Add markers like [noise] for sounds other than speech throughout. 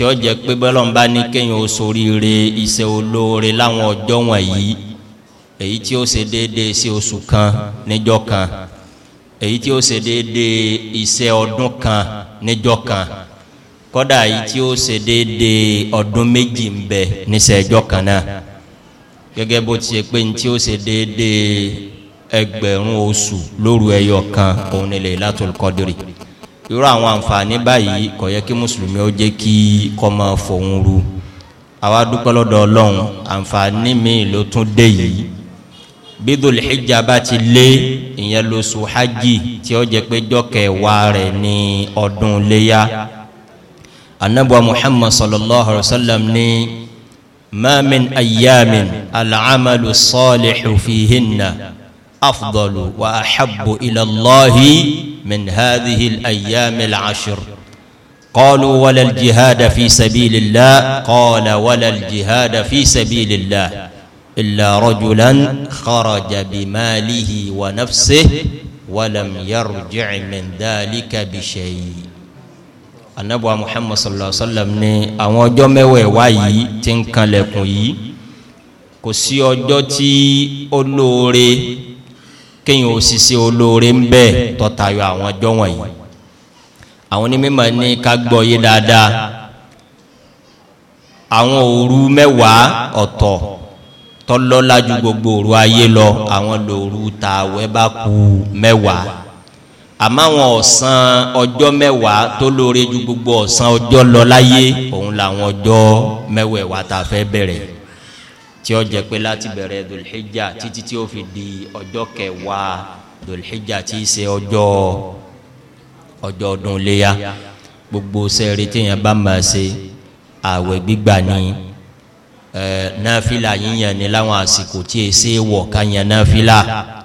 tí ó jẹ́ pé bọ́lọ̀ ń bá ní kéèyàn ó soríire iṣẹ́ olóore láwọn ọjọ́ wọ̀nyí èyí tí ó ṣe déédéé sí oṣù kan níjọ́ kan èyí tí ó ṣe déédéé iṣẹ́ ọdún kan níjọ́ kan kódà èyí tí ó ṣe déédéé ọdún méjì ń bẹ níṣẹ́ ẹjọ́ kan náà gẹ́gẹ́ bó ti ṣe pé ní tí ó ṣe déédéé ẹgbẹ̀rún oṣù lóru ẹyọ kan òun ni Laylatul irú àwọn àǹfààní báyìí kò yẹ kí mùsùlùmí ó jẹ́ kí kọ́ máa fòun ru àwa dúpẹ́ lọ́dọ̀ ọlọ́run àǹfààní míì ló tún dé yìí bídùn ìjà bá ti lé ìyẹn lóṣù hajj tí ó jẹ́ pé jọ́kẹ̀wàá rẹ̀ ní ọdún léyà anabuwa muhammad sallallahu alaihi wa sallam ní mamin ayamin alamalu sọ́ọ̀lì xufihinna. أفضل وأحب إلى الله من هذه الأيام العشر قالوا ولا الجهاد في سبيل الله قال ولا الجهاد في سبيل الله إلا رجلا خرج بماله ونفسه ولم يرجع من ذلك بشيء النبي محمد صلى الله عليه وسلم ni àwọn ọjọ́ mẹ́wẹ̀ẹ́wá yìí ti ń kéèyàn òṣìṣẹ́ olóore ń bẹ tọ́tayọ àwọn ọjọ́ wọ̀nyí àwọn onímọ̀ ní ká gbọ́ yé dáadáa àwọn òru mẹ́wàá ọ̀tọ̀ tọ́lọ́lá ju gbogbo òru ayé lọ àwọn lòru tààwẹ́ bá ku mẹ́wàá àmọ́ àwọn ọ̀sán ọjọ́ mẹ́wàá tó lóore ju gbogbo ọ̀sán ọjọ́ lọ láyé òun làwọn ọjọ́ mẹ́wẹ̀ẹ́wàá tá a fẹ́ bẹ̀rẹ̀ tí ó jẹ pé láti bẹ̀rẹ̀ dòlìhíjà títí tí ó fi di ọjọ́ kẹwàá dòlìhíjà tí í ṣe ọjọ́ ọjọ́ ọdún léya gbogbo sẹ́ẹ̀rì téèyàn bá máa ṣe ààwẹ̀ gbígbà ni ẹ náfìlà yíyan ni láwọn àsìkò tí èsè wọ̀ ká yan náfìlà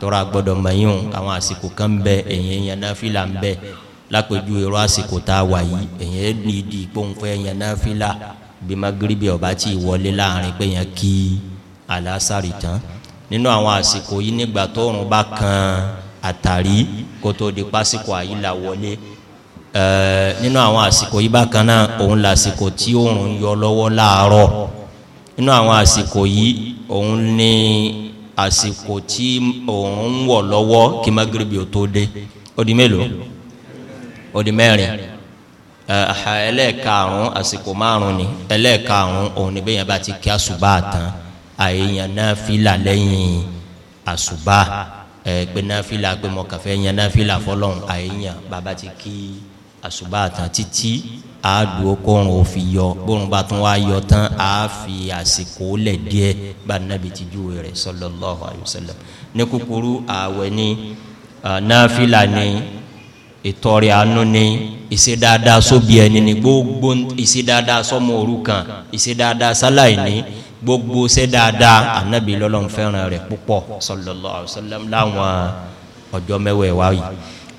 tọ́ra gbọ́dọ̀ mọ̀yún àwọn àsìkò kan bẹ èyàn yan náfìlà ń bẹ lápẹjù irú àsìkò tá a wà yìí èyàn ní ìdí ìpòǹfẹ́ yan náfìlà bí magrebi ọba tí wọlé láàrin pé yẹn kí alásàrì tán nínú àwọn àsìkò yìí nígbà tóòrùn bá kan àtàrí kó tó di pásìkò àyílà wọlé ẹẹ nínú àwọn àsìkò yìí bákan náà òun làsìkò tí òòrùn yọ lọ́wọ́ láàárọ̀ nínú àwọn àsìkò yìí òun ní àsìkò tí òòrùn ń wọ̀ lọ́wọ́ kí magrebi ò tó dé ó di mélòó ó di mẹ́rin aha ẹlẹ́ẹ̀karùn àsìkò márùn ni ẹlẹ́ẹ̀karùn òun ni bẹ́ẹ̀ yẹn bá ti kí àsùbá tán àyèyàn náfìlà lẹ́yìn àsùbá ẹ pé náfìlà pé mo kàfẹ́ yẹn náfìlà fọlọ́run àyèyàn bàbá ti kí àsùbá tán títí àádùn okòrùn òfin yọ bóun bá tún wá yọ tán á fi àsìkò lẹ̀ díẹ̀ bá nàbì tí júwe rẹ̀ sallallahu alaihi ní kúkúrú ààwẹ̀ ni náfìlà ni. Uh, ìtọrẹ àánú ni ìṣedáadáa sóbi ẹni ni gbogbo ìṣedáadáa sọmọ òrukàn ìṣedáadáa sáláì ní gbogbo ṣedáadáa anabi lọlọrun fẹ́ràn rẹ̀ púpọ̀ sallallahu alaihi wasallam láwọn ọjọ́ mẹ́wẹ̀ẹ̀wá yìí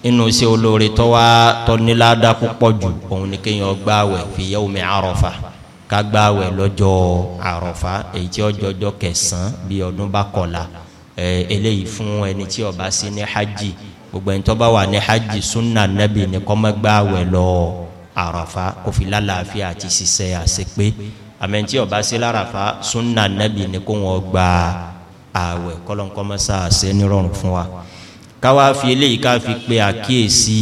inú iṣẹ́ olóore tó wá tó níláàdá púpọ̀ jù òun ni kéèyàn gbààwẹ̀ fi yawmi Àrọ̀fà ká gbààwẹ̀ lọ́jọ́ Àrọ̀fà èyí tí ọjọ́ ọjọ́ kẹsàn-án bíi ọdún bá kọ̀la gbogbo ẹni tó bá wà ní hajj sunna nabi ni kọ́ mọ́ gbá wẹ̀ lọ àràfà kò fi lálàáfíà àti ṣiṣẹ́ àṣepé àmẹ́ntí ọba sí láràfà sunna nabi ni kó wọn gba àwẹ̀ kọ́lọ́nkọ́ mọ́ sáàṣẹ́ nírọ̀rùn fún wa káwá fi eléyìí ká fi pe àkíyèsí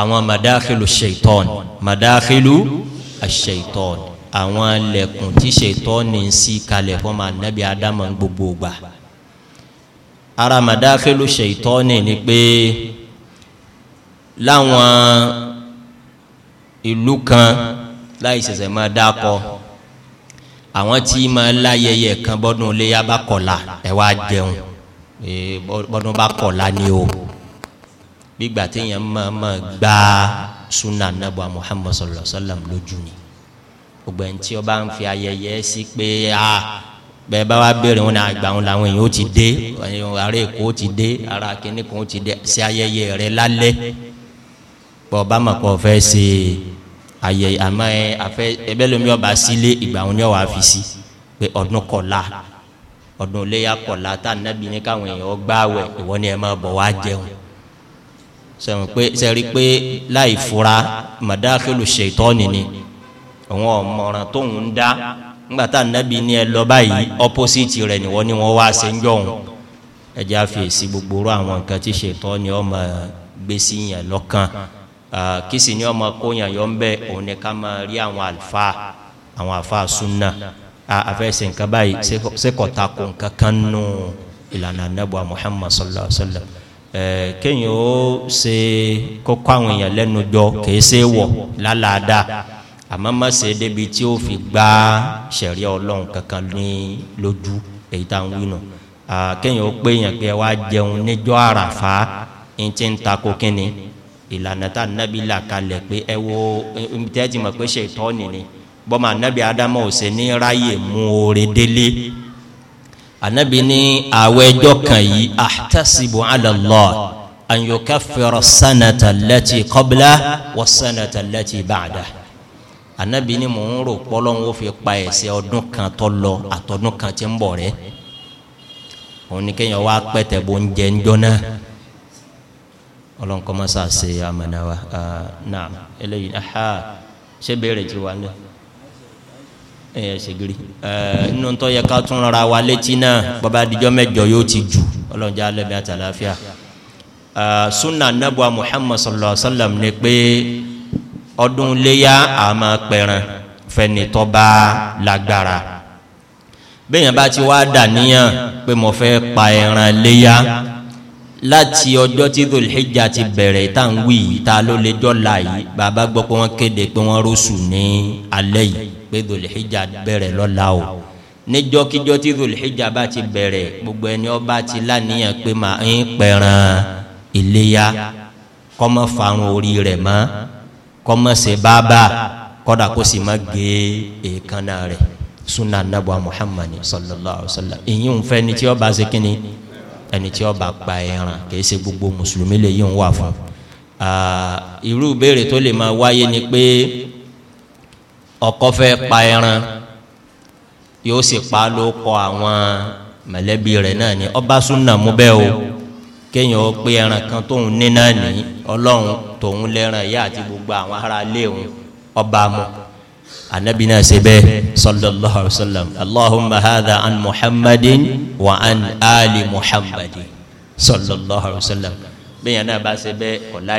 àwọn madáhìlú ṣèitọ́n madáhìlú ṣèitọ́n àwọn lẹ̀kùn tí ṣèitọ́n ní sí kalẹ̀ fún ma nabi adamu gbogbo gbà ara màdáfẹ́lú ṣèitọ́ni ni pé láwọn ìlú kan láì ṣẹ̀ṣẹ̀ máa dákọ àwọn tí máa láyẹyẹ kan bọ́dún iléyà bá kọ̀la ẹ̀ wá jẹun bọ́dún bá kọ̀la ni o gbígbà téèyàn máa máa gba sunna anabu muhammadu sallallahu alaihi wa sallam lójú ni gbogbo ẹni tí ó ń fi ayẹyẹ sí pé a. Ah, bẹ́ẹ̀ bá wa béèrè wọn àgbà wọn làwọn èèyàn ó ti dé ará èkó ó ti dé ará kínní kan ó ti dé ṣe ayẹyẹ rẹ lálẹ́ bọ́ ọba mọ̀ kọ́ fẹ́ ṣe ayẹyẹ àmọ́ ẹ afẹ́ ẹbẹ́ lómi ọba sílé ìgbà wọn ni wàá fi sí pé ọdún kọ̀la ọdún iléyà kọ̀la tá nàbí ní káwọn èèyàn gbààwẹ̀ ìwọ ni ẹ máa bọ̀ wá jẹun sẹ́wọ̀n pé sẹ́rí pé láì fura màdáfẹ́lù ṣètọ́ nìní òun ọ̀mọ̀ràn tóun ń dá ngbàtà nàbì ni ẹ lọ báyìí ọpọsìtì rẹ ni wọn ni wọn wá ṣe ń jọhún ẹjẹ àfẹsí gbogbo rú àwọn nǹkan tí ṣètọ́ ni ọmọ gbèsè yẹn lọ́kàn kìsì ni ọmọ kóyàn yọ ń bẹ òun ni ká máa rí àwọn àlùfà àwọn àfa sunna àfẹsẹ̀ nǹkan báyìí sẹ́kọ̀tà kò nǹkan kan nù ìlànà anábọ̀ muhammad sallallahu alayhi wa sallam kéèyàn ó ṣe kókó àwọn èèyàn lẹ́nu jọ kèé ṣe wọ̀ lálàáda àmọ́ má ṣe débi tí ó fi gbá sẹ̀rí ọlọ́run kankan ní lójú èyí tá à ń wí nù kéèyàn ó pé yàn pé ẹ wá jẹun níjọ́ àràfá ń ti ń takò kínni ìlànà tá nábì là kalẹ̀ pé ẹ wo tẹ́ ti mọ̀ pé ṣètọ́ nìní bọ́mọ anábì ádámọ̀ ò ní ráyè mú oore délé anábì ní àwọ̀ ẹjọ́ kan yìí ahtasibu ala Allah an sanata allati qabla wa sanata allati ba'da anabi ni mò ń rò pọ́lọ́hún ó fi pa ẹ̀ṣẹ̀ ọdún kan tó lọ àtọdún kan tí ń bọ̀ rẹ́ òun ni kéèyàn wá pẹ̀tẹ̀ bó ń jẹ ńjọ́ náà ọlọ́nkọ́ má sà ṣe àmàna wa náà eléyìí aha ṣé béèrè ti wà lẹ́ ẹ̀yẹ ṣègiri nínú tó yẹ ká tún rárá wa létí náà bàbá àdìjọ́ mẹ́jọ yóò ti jù ọlọ́njà alẹ́ bí àtàláfíà sunna anabu muhammad sallallahu alaihi wa sallam ni pé ọdún léyà àmọ́ pẹ̀ràn fẹ́nitọ́ bá lágbára bẹ́yàn bá ti wá dàníyàn pé mo fẹ́ pa ẹran léyà láti ọjọ́ tí Dhul-Hijjah ti bẹ̀rẹ̀ tá à ń wí yìí ta ló lè dọ́là yìí bàbá gbọ́ pé wọ́n kéde pé wọ́n rọ́ṣù ní alẹ́ yìí pé Dhul-Hijjah bẹ̀rẹ̀ lọ́la o níjọ́kíjọ́ tí dhul bá ti bẹ̀rẹ̀ gbogbo ẹni ọba ti láníyàn pé màá ń pẹ̀ràn iléyà kọ́mọ́ farun orí rẹ̀ mọ́ kọ́mọ̀sẹ̀ bàbà kọ́dà kó sì má gé èékánná rẹ̀ sunna anabu muhammad sallallahu alaihi wa sallam èyí ń fẹ́ ẹni tí ó bá ṣe kínni ẹni tí ó bá pa ẹran kìí ṣe gbogbo mùsùlùmí lè yí ń wà fún irú ìbéèrè tó lè máa wáyé ni pé ọkọ fẹ́ pa ẹran yóò sì pa ló àwọn mọ̀lẹ́bí rẹ̀ náà ni ọba sunna mú bẹ́ẹ̀ o kéèyàn ó pé ẹran kan tóun ní náà ní ọlọ́run tóun lẹ́ran ìyá àti gbogbo àwọn ará ilé òun ọba mu anabi náà ṣe bẹ́ẹ̀ sallallahu alayhi wa sallam allahumma hadha an muhammadin wa an ali muhammadin sallallahu alayhi wa sallam bẹ́ẹ̀ náà bá ṣe bẹ́ẹ̀ ọ̀la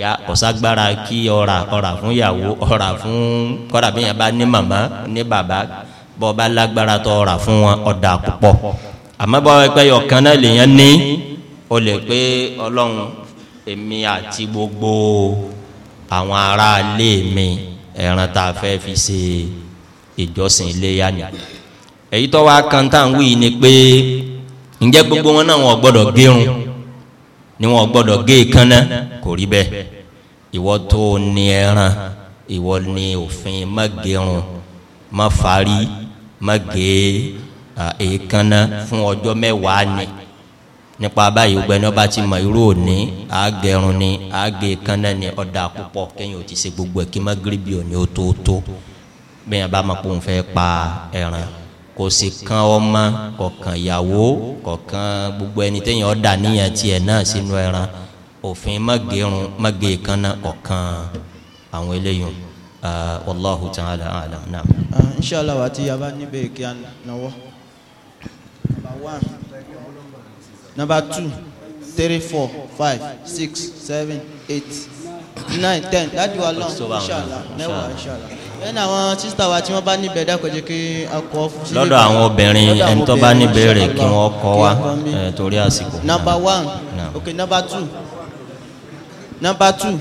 ya ọ̀ságbára kí ọ̀rà ọ̀rà fún yàwó ọ̀rà fún kọ́ra bẹ́ẹ̀ bá ní màmá ní bàbá bọ́ bá lágbára tó ọ̀rà fún wọn ọ̀dà púpọ̀ àmọ́ bá wọ́n pẹ́ yọ̀kan náà lèèyàn ní o lè pé ọlọ́run èmi àti gbogbo àwọn aráalé mi ẹran tá a fẹ́ fi ṣe ìjọsìn iléyà ni èyí tó wá kan tá à ń wí ni pé ǹjẹ́ gbogbo wọn náà wọn gbọ́dọ̀ gérun ni wọn gbọ́dọ̀ gé kanna kò rí bẹ́ẹ̀ ìwọ tó ní ẹran ìwọ ní òfin má gérun má fárí má gé èékánná fún ọjọ́ mẹ́wàá ni. nípa báyìí gbogbo ẹni ọba ti mọ irú òní àgẹrun ni àgẹ kanna ni ọ̀dà púpọ̀ kẹ́yìn ò ti ṣe gbogbo ẹ̀ kí má gíríbì òní ó tó tó bẹ́ẹ̀ yẹn bá máa pòun fẹ́ pa ẹran kò sì kan ọmọ kọ̀kan ìyàwó kọ̀kan gbogbo ẹni tẹ́yìn ọ̀dà níyàn tiẹ̀ náà sínú ẹran òfin mọ̀gẹ́run mọ̀gẹ́ kanna kọ̀kan àwọn eléyìí wallahu ta'ala a'lam. inshallah wa ti yaba níbẹ̀ kí a náwó number two three four five six seven eight nine ten dájú wa lọ́n inṣàlá mẹ́wàá inṣàlá lẹ́nu àwọn sísítà wa tí wọ́n bá níbẹ̀ dákọ̀jẹ́ kí a kọ́ fún sílẹ̀. lọ́dọ̀ àwọn obìnrin ẹni tó bá níbẹ̀ rẹ̀ kí wọ́n kọ́ wa torí àsìkò. number one okay number two number two.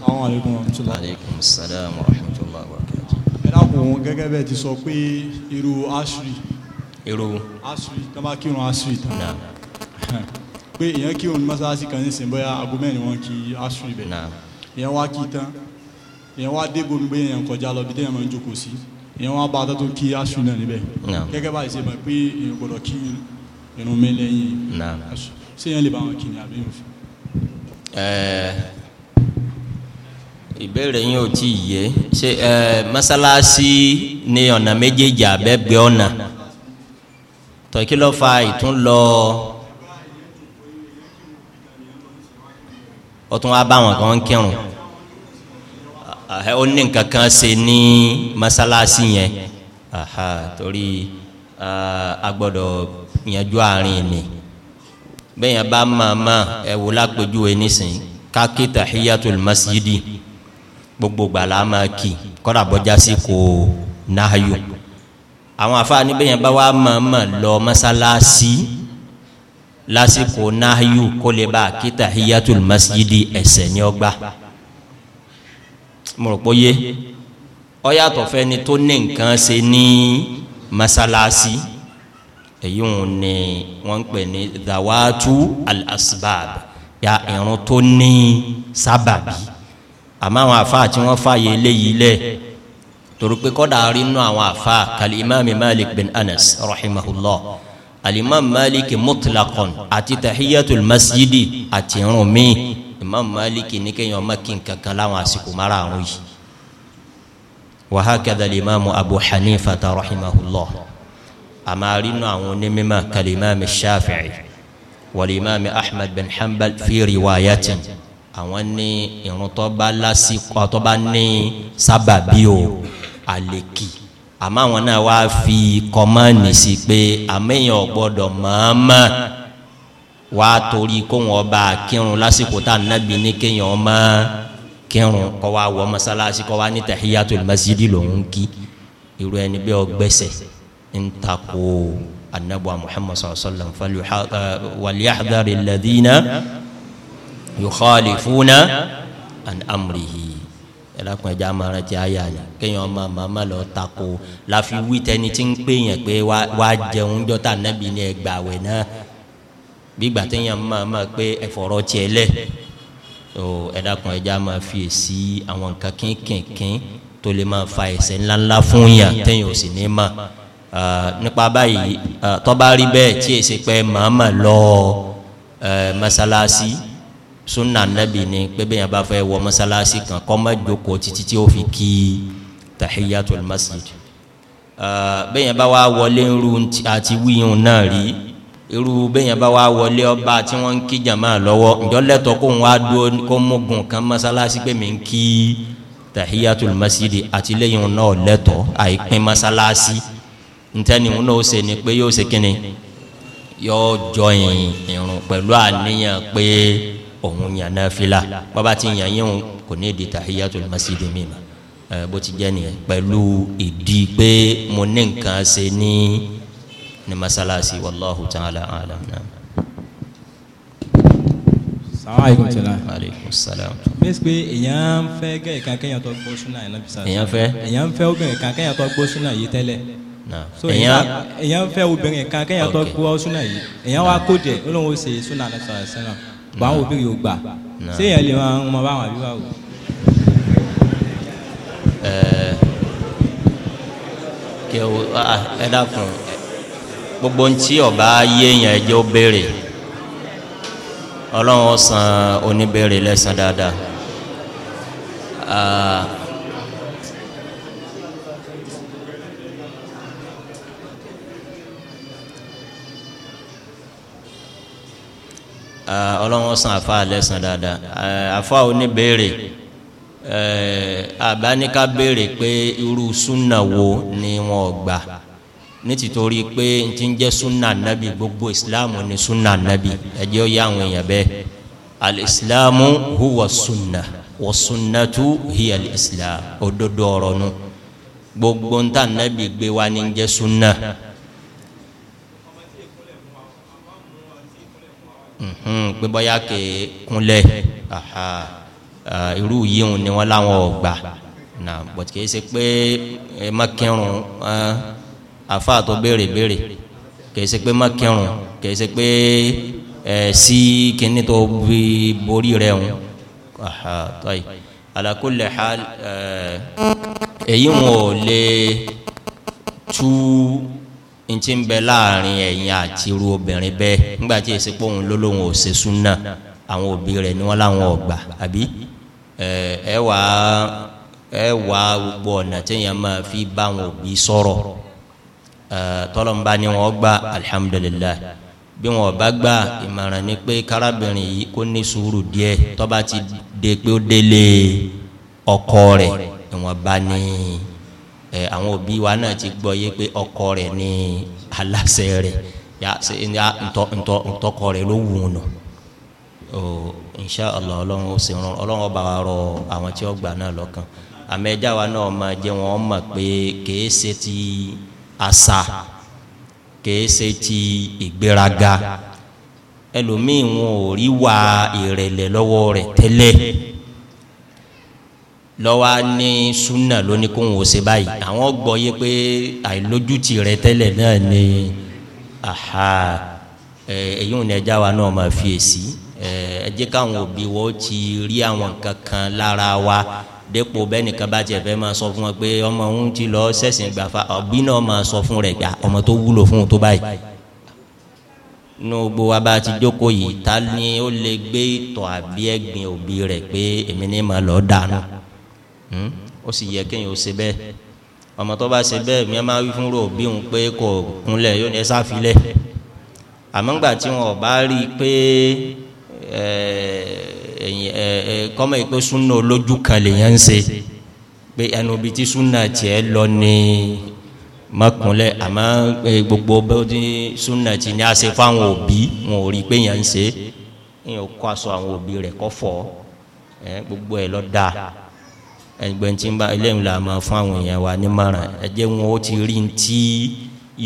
salaamaleykum wa rahmatulah. aleykum salaam wa rahmatulah wa barakatuh. ẹ dákun gẹ́gẹ́ bẹ́ẹ̀ ti sọ pé irú ashri èrò. asui tó bá kírun asui tán [laughs] pé èèyàn kírun ní mọ́sálásí kan nísìnyí bóyá aago mẹ́rin wọn kí asui bẹ̀ èèyàn wá kí tán èèyàn wá dégbò mi bóyá èèyàn kọjá lọ bí téèyàn máa ń jókòó sí èèyàn wá bá a tó kí asui náà níbẹ̀ gẹ́gẹ́ bá ṣe mọ̀ pé èèyàn gbọ́dọ̀ kí irun mi lẹ́yìn ṣé èèyàn lè bá wọn kí ni àbí òfin. ìbéèrè yín ò tí ì yé ṣe mọ́sálásí ní ọ̀nà méjèèjì àbẹ́gbẹ́ ọ̀nà tọ́kí ló fa ìtún lọ ó tún wá bá wọn kàn ń kírun ó ní nǹkan kan ṣe ní masalasi yẹn torí a gbọ́dọ̀ yanjú àárín ni bẹ́ẹ̀ yẹn bá màmá ẹ̀ wò lápẹ̀júwe nísìnyí kákí tahiyatul masjidi gbogbo gbala máa kì kọ́dà bọ́jà sí kò náà yọ àwọn àfáà níbẹ̀ yẹn bá wà mọ̀ọ́mọ̀ lọ mọ́sálásí lásìkò náàyù kó lè kíta hiyatul masjidi ẹ̀sẹ̀ ní ọgbà mo rò pé yé ọ yàtọ̀ fẹ́ni tó ní nǹkan ṣe ní mọ́sálásí èyí wọn ni wọ́n ń pè ní dawatu al-asbab ya irun tó ní sábàbí àmọ́ àwọn àfáà tí wọ́n fààyè eléyìí lẹ́ẹ̀ torupe kọ́dà rínú àwọn afa kalimami malik bin anas rahimahullah alimami malik mutlaqan àti tahiyatul masjidi àti irun mi imam malik ní kéèyàn má kí n kankan láwọn àsìkò márààrún yìí wa hakadha alimami abu hanifa ta rahimahullah àmà rínú àwọn onímọ̀ kalimami shafi'i walimami ahmed bin hanbal fi riwayatin àwọn ní irun tó bá lásìkò tó bá o àlèkì àmọ́ àwọn náà wá fi kọ́mọ́ọ̀nì sí pé àmẹ́yìn ọ̀gbọ́dọ̀ mọ̀ọ́mọ́ wá torí kóhun ọba kírun lásìkò tá nàbí ní kéèyàn ọmọ kírun kọ́ wá wọ mọ́sálásí kọ́ wá ní tahiyatul masjidi lòún kí irú ẹni bẹ́ẹ̀ ọgbẹ́sẹ̀ ń takò anabu muhammad sallallahu alaihi wa sallam eh, waliyahdari ladina yukhalifuna an amrihi ẹlẹ́kùn ẹja mara ti àyà ni kéèyàn ọmọ màmá lọ tako láfi wí tẹni tí ń pè yẹn pé wá jẹun jọta nẹ́bi ni ẹgbà wẹ̀ náà bí gbà téèyàn màmá pé ẹ̀fọ̀rọ̀ tiẹ̀ lẹ̀ o ẹlẹ́kùn ẹja máa fi èsì àwọn nǹkan kínkìnkín tó lè máa fa ẹ̀ṣẹ̀ ńláńlá fún yàn téèyàn ò sì ní mà nípa báyìí tọ́ba rí bẹ́ẹ̀ tí èsì pé màmá lọ mọ́sálásí. sunna nabi ni pé yaba yẹn wɔ masalasi kan kɔma joko fi kí tahiyatul masjid bẹ́ẹ̀ yẹn bá wá wọlé irú àti wíyùn náà rí ọba tí wọ́n ń kí jàmá lọ́wọ́ ǹjọ́ lẹ́tọ̀ kó ń wá dúró kó mógun kan mi ń kí tahiyatul masjid àtìlẹ́yìn náà lẹ́tọ̀ àìpín mọ́sálásí ni òun yàn náfìlà bàbá ti yàn yín òun kò ní ìdí tahiyatul masjidi mi ma bó ti jẹ́ nìyẹn pẹ̀lú ìdí pé mo ní nǹkan ṣe ní ní masalasi wallahu ta'ala alam na. salaamaleykum salaam. aleykum salaam. bẹ́ẹ̀ pé èèyàn fẹ́ gẹ̀ kan kéèyàn tó gbọ́ súnà yẹn náà èèyàn fẹ́. èèyàn fẹ́ obìnrin kan kéèyàn tó gbọ́ súnà yìí tẹ́lẹ̀ èèyàn fẹ́ obìnrin kan kéèyàn tó gbọ́ súnà yìí èèyàn wá kó jẹ́ ó ó ṣe súnà náà sọ̀rọ̀ sẹ́nà bá àwọn òbí yóò gbà ṣé yẹn lè máa bá àwọn àbí báwo. Eh, kí ẹ wo ah, ẹ dákun gbogbo ntí ọba yéèyàn ẹjẹ ó béèrè ọlọ́run ó san oníbèrè dáadáa. Ah, Ah, ọlọ́wọ́n san àfa lẹ́sàn dáadáa ah, àfa oníbèrè eh, àbáníká béèrè pé irú súnà wo ni wọn gbà nítìtorí pé n ti ń jẹ́ súnà nábì gbogbo ìsìláàmù ni súnà nábì ẹ̀jẹ̀ ó yá àwọn èèyàn bẹ́ẹ̀ alìsìláàmù huwa súnà wa sunnatu hiya alìsìláàmù òdodo ọ̀rọ̀ nu gbogbo ń tà nábì gbé wa ni ń jẹ́ súnà. Mhmm, pé bọ́yá kè é kúnlẹ̀ irú yíyún ni wọ́n láwọn ò gbà na bọ̀tí kìí ṣe pé ẹ má kírun àfa tó béèrè béèrè kìí ṣe pé má kírun kìí ṣe pé ẹ sí kíní tó fi borí rẹ ń tọ́yì alakule ha èyí wọn lè tú. n ti bẹ láàrin ẹ̀yin àti irú obìnrin bẹ́ẹ̀ nígbà tí èsì ló lóun àwọn òbí rẹ̀ ni wọ́n láwọn ọ̀gbà àbí ẹ wà ẹ wà gbogbo ọ̀nà fi bá wọn òbí sọ̀rọ̀ tọ́lọ́mùbá ni alihamudulilayi bí wọn ni pé ẹ àwọn òbí wa náà ti gbọ yé pé ọkọ rẹ ní aláṣẹ rẹ ya ṣe ní ntọ ntọ ntọkọ ló wù o insha allah ọlọ́run ó sì rán ọba wa rọ àwọn tí ó gbà náà lọ́kàn àmẹ́jà wa náà máa jẹ wọn mọ̀ pé kèé ṣe ti àṣà ṣe ti ìgbéraga ẹlòmíì wọn ò rí wa lọ́wọ́ ní sunna lóní kó wọ́n ṣe báyìí àwọn gbọ́ yé pé àìlójútì rẹ tẹ́lẹ̀ náà ni aha èyí ò ní ẹja wa náà máa fi èsì ẹ jẹ́ káwọn òbí wọ́n ti rí àwọn kankan lára wa dépò bẹ́ẹ̀ nìkan bá tiẹ̀ fẹ́ máa sọ fún wọn pé ọmọ òun ti lọ sẹ́sìn gbàfa òbí náà máa sọ fún rẹ̀ gbà ọmọ tó wúlò fún un tó báyìí nínú gbogbo wa bá ti jókòó yìí ta ni ó lè gbé ìtọ̀ àbí ẹ̀gbin òbí rẹ̀ pé èmi ní ma lọ́ọ́ dànù. Hmm? ó sì yẹ kéèyàn ó ṣe bẹ́ẹ̀ ọmọ tó bá ṣe bẹ́ẹ̀ mi máa wí fún rò bí òun pé kò kúnlẹ̀ yóò ní ẹ sáfilẹ̀ àmọ́ ńgbà tí wọn bá rí i pé eh, eh, eh, kọ́mọ̀ yìí pé súnà olójú kan lèèyàn ń ṣe pé ẹnu bíi tí súnà tiẹ̀ lọ ni mọ́kúnlẹ̀ àmọ́ gbogbo bọ́dí súnà ti ní àṣẹ fáwọn òbí wọn ò rí i pé yẹn ń ṣe é kó aṣọ àwọn òbí rẹ̀ kọ́ fọ́ gbogbo ẹ̀ lọ́ dáa ẹgbẹ́ tí ń bá eléyìí la máa fún àwọn èèyàn wa nímọ̀ràn ẹ jẹ́ wọn ó ti rí ti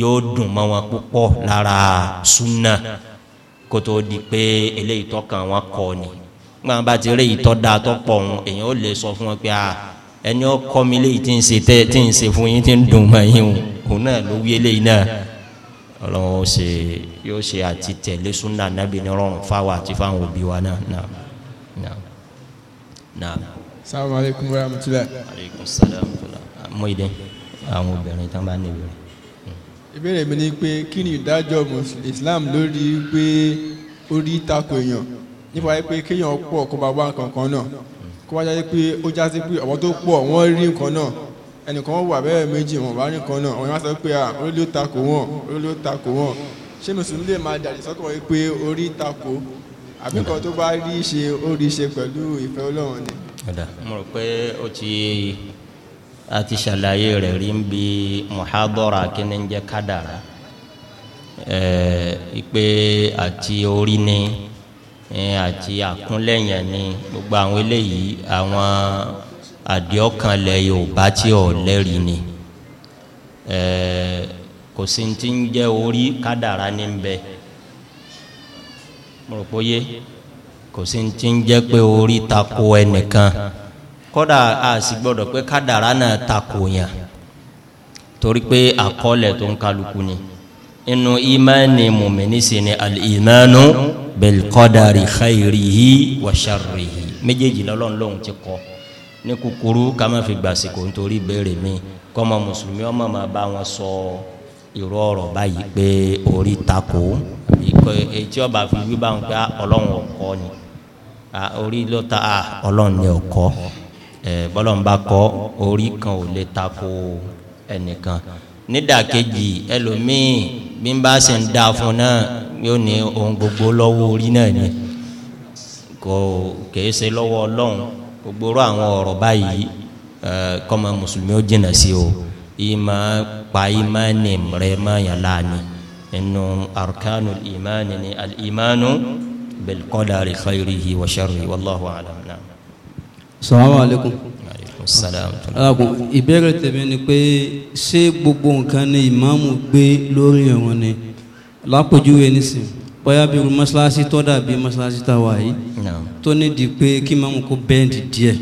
yóò dùn mọ́ wọn púpọ̀ lára súnà kó tó di pé eléyìí tó kàn wọ́n kọ́ ni gbọ́n bá ti rí ìtọ́ da tó pọ̀ ọ̀hún èèyàn ó lè sọ fún wọn pé ẹni ó kọ́ mi léyìí tí ń ṣe tẹ́ tí ń ṣe fún yín tí ń dùn mọ́ yín òun náà ló wí eléyìí náà ọlọ́run ó ṣe yóò ṣe àti tẹ̀lé súnà nábì ní rọrùn fáwọn àti fáwọn òbí wa náà náà náà salamu aleykum wa rahmatulah. aleykum salaam mọ̀ọ́dẹ́ ah, àwọn obìnrin tán bá ní ìbéèrè. ìbéèrè mi ni pé kí ni ìdájọ́ Islam lórí pé ó rí tako èèyàn nípa pé kéèyàn pọ̀ kó bá wá nǹkan kan náà kó wá jáde pé ó jáde pé àwọn tó pọ̀ wọ́n rí nǹkan náà ẹnìkan wọ́n wà bẹ́ẹ̀ méjì wọ́n bá rí nǹkan náà wọ́n yẹn wá sọ pé à orí ló tako wọn orí ló tako wọn ṣé mùsùlùmí lè máa dàdí sọ́kàn wọ́n pé orí tako àbíkan tó bá rí ṣe ó rí ṣe pẹ̀lú ìfẹ́ Ọlọ́run ni. mo rò pé ó ti a ti ṣàlàyé rẹ̀ rí ń bi muhadara kíni ń jẹ́ àti orí ni àti àkúnlẹ̀yàn ni gbogbo àwọn eléyìí àwọn àdìọ́kànlẹ̀ Yorùbá tí ni ẹ̀ẹ́ kò sí ti ń jẹ́ orí ní ń bẹ mo kò sí ti ń jẹ́ pé orí tako ẹnìkan kódà a sì gbọ́dọ̀ pé kádàrá náà tako yàn torí pé àkọọ́lẹ̀ tó ń kálukú ni inú ìmánì mùmíní sí ni al-ìmánu bil-qadari khayrihi méjèèjì lọ́lọ́run lòun ti kọ́ ní kúkúrú ká má fi gbàsìkò nítorí ìbéèrè mi kọ́mọ mùsùlùmí ọmọ máa bá wọn sọ irú ọ̀rọ̀ báyìí pé orí tako ìkọ etí ọba fi wí báwọn pé ah, ọlọ́run ọ̀kọ́ ni orí ló ta ọlọ́run ni ò kọ́ bọ́lọ́run bá kọ́ orí kan ò lè ta ko ẹnìkan nídàkejì ẹlòmíì bí n bá sì ń da fún náà yóò ní ohun gbogbo lọ́wọ́ orí náà ni kò kìí ṣe lọ́wọ́ ọlọ́run gbogbo àwọn ọ̀rọ̀ báyìí kọ́mọ mùsùlùmí ó jìnnà sí o ìmọ̀ pa ìmọ̀ ni rẹ̀ mọ̀ yàn láàánú nínú arkanu ìmọ̀ ni al بالقدر خيره وشره والله أعلم نعم السلام عليكم alakun ìbéèrè tèmi ni pé ṣé gbogbo nǹkan ni ìmáàmù gbé lórí ẹ̀wọ̀n ni lápòjúwe nísìn bóyá bí irú mọ́ṣáláṣí tó dàbí mọ́ṣáláṣí tá a wà yìí tó nídìí pé kí ìmáàmù kó bẹ́ǹdì díẹ̀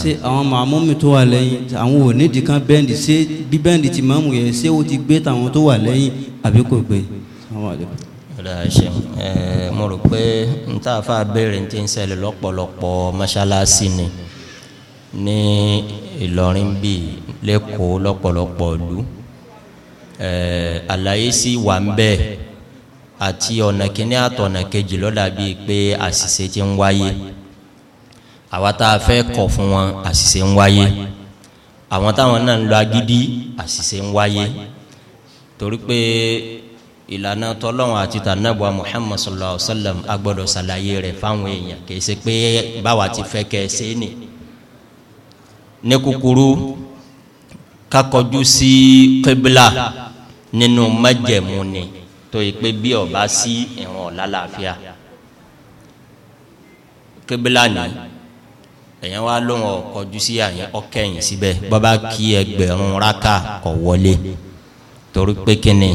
ṣé àwọn màmú mi tó wà lẹ́yìn àwọn ò nídìí kan bẹ́ǹdì ṣé bí bẹ́ǹdì ti máàmù yẹn ṣé ó ti gbé tàwọn tó wà lẹ́yìn àbí kò gbé ọ̀dà ṣeun ẹ̀ẹ́ mo rò pé n tá a fà béèrè ti ń ṣẹlẹ̀ lọ́pọ̀lọpọ̀ mọ́ṣáláṣí ni ní Ìlọrin bíi lẹ́kọ̀ọ́ lọ́pọ̀lọpọ̀ ìlú ẹ̀ẹ́ àlàyé sì wà ń bẹ́ẹ̀ àti ọ̀nà kìíní àtọ̀nà kejì lọ́dà bíi pé àṣìṣe ti ń wáyé àwa tá a fẹ́ kọ̀ fún wọn àṣìṣe ń wáyé àwọn táwọn náà ń lo agídí àṣìṣe ń wáyé torí pé ìlànà tọlọ́wọ́n àti tànàbọ̀ Muhammad sallallahu alayhi wa sallam agbọ́dọ̀ ṣàlàyé rẹ̀ fáwọn èèyàn kì í ṣe pé báwa ti fẹ́ kẹ́ ẹ ṣe é nì. ní kúkúrú kakọjú sí kébìlà nínú májẹ̀mú ni tó yẹ pé bí ọba sí ìrun ọ̀la làáfíà kébìlà ni èèyàn wá lóun ọkọjú sí àyàn ọkẹyìn síbẹ̀ bàbá kí ẹgbẹ̀rún rákà kọ̀ wọlé torí pé kíni.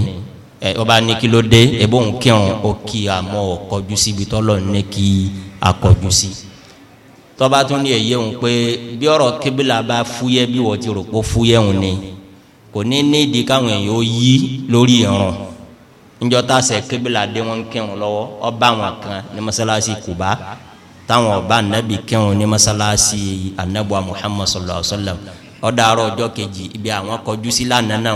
ẹ ọba ní kí ló dé ebó ń kírun ó kí àmọ́ ọ̀kọ́jú síbi ní kí akọjú sí tọ́ba tún ní èyí pé bí ọ̀rọ̀ kébìlà bá fúyẹ bí wọ́n ti rò pé ni kò ní nídìí káwọn èèyàn yí lórí ìrun a wọn kan ní Kùbá táwọn ọba anabu sallallahu wa sallam ibi àwọn sí lánàá náà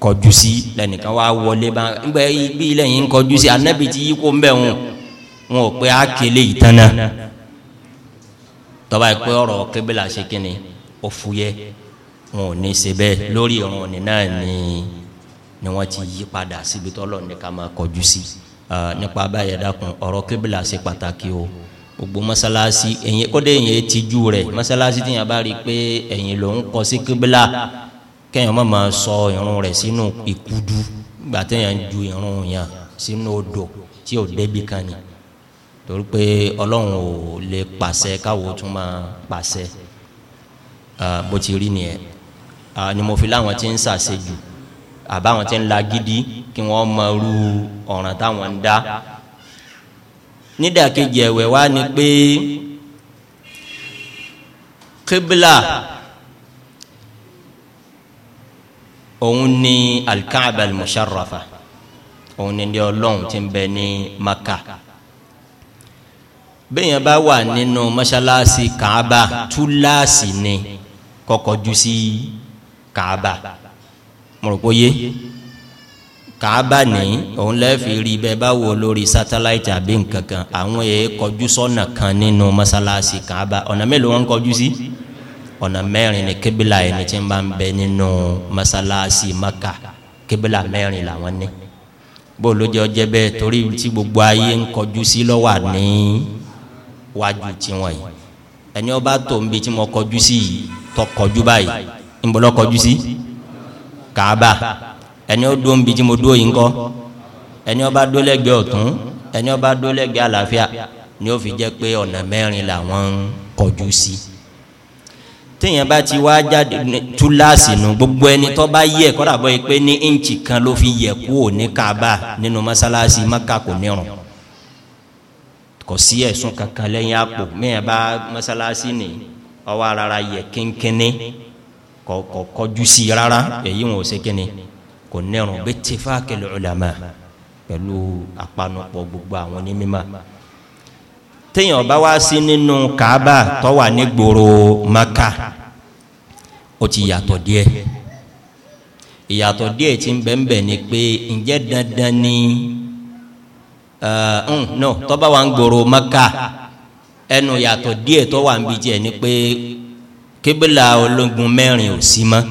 kọjú sí lẹnìkan wá wọlé bá ńgbẹ ibi lẹ́yìn kọjú sí anabi ti yí kó mbẹ wọn wọn ò pé akele ìtànà tọba yìí pé ọ̀rọ̀ kébìlà ṣe kínni ó fúyẹ wọn ò ní ṣe bẹ́ẹ̀ lórí ìrun òní náà ni ni wọn ti yí padà síbi tọ́lọ̀ ní ká máa kọjú sí nípa báyìí dákun ọ̀rọ̀ kébìlà ṣe pàtàkì o gbogbo mọ́sálásí ẹ̀yìn kọ́dé ẹ̀yìn ti jú rẹ̀ mọ́sálásí tìyàn bá rí i pé ẹ̀yìn ló ń kọ sí kébìlà kéèyàn má máa sọ irun rẹ̀ sínú ìkudu gbà téèyàn ju irun yàn sínú odò tí ò débi kan ni torí pé ọlọ́run ò lè pàṣẹ káwo tún máa pàṣẹ bó ti rí nìyẹn ni mo fi láwọn tí ń ṣàṣejù àbáwọn tí ń la gidi kí wọ́n mọ irú ọ̀ràn táwọn ń dá nídàkejì ẹ̀wẹ̀ wá ni pé kébìlà. òun ni alikaaba almusharrafa òun ni ndé ọlọ́run ti ń bẹ ní maka bẹ́ẹ̀yàn bá wà nínú mọ́ṣáláṣí kaaba túláàsì ni kọkọjú sí kaaba mo rò pé yé kaaba ni òun lẹ́ẹ̀fì rí bẹ́ẹ̀ bá wò lórí sátáláìtì àbí nǹkan àwọn èèyàn kọjú sọ́nà kan nínú mọ́ṣáláṣí kaaba ọ̀nà mélòó wọn kọjú sí. Si? ọ̀nà mẹ́rin ni kébìlà ẹni tí ń bá ń bẹ nínú masalasi maka kébìlà mẹ́rin làwọn ní bó ló jẹ́ ọjẹ́ bẹ́ẹ̀ torí tí gbogbo ayé ń kọjú sí lọ́wọ́ ní wájú tiwọn yìí ẹni ọba tó ń bi tí mo kọjú sí yìí tó kọjú báyìí ń bọ́ kọjú sí Kaaba ẹni ó dó ń bi tí mo dó yìí ń kọ́ ẹni ọba dó lẹ́gbẹ̀ẹ́ ọ̀tún ẹni ọba dó lẹ́gbẹ̀ẹ́ àlàáfíà ni ó fi jẹ́ pé ọ̀nà mẹ́rin làwọn ń kọjú sí. Si téèyàn bá ti wá jáde túláàsì nù gbogbo ẹni tó bá yẹ kọ́dà bọ́ yìí pé ní íǹtì kan ló fi yẹ kú ò ní kaaba nínú mọ́sálásí maka kò nírun kò sí ẹ̀sùn kankan lẹ́yìn àpò mẹ́yàn bá mọ́sálásí ni ọwọ́ rárá yẹ kínkínní kò kọjú sí rárá èyí wọn ò ṣe kínní kò nírun bí tìfá kẹlẹ́ ulama pẹ̀lú àpanupọ̀ gbogbo àwọn onímọ̀. téèyàn bá wá sí nínú kaaba tó wà ní gbòòrò maka ó ti yàtọ̀ díẹ̀ ìyàtọ̀ díẹ̀ ti ń bẹ́ẹ̀ ni pé ǹjẹ́ dandan ni uh, mm, no tó bá wà ń gbòòrò maka ẹnu yàtọ̀ díẹ̀ tó wà ń bi jẹ́ ni pé kébìlà ológun mẹ́rin ò sí mọ́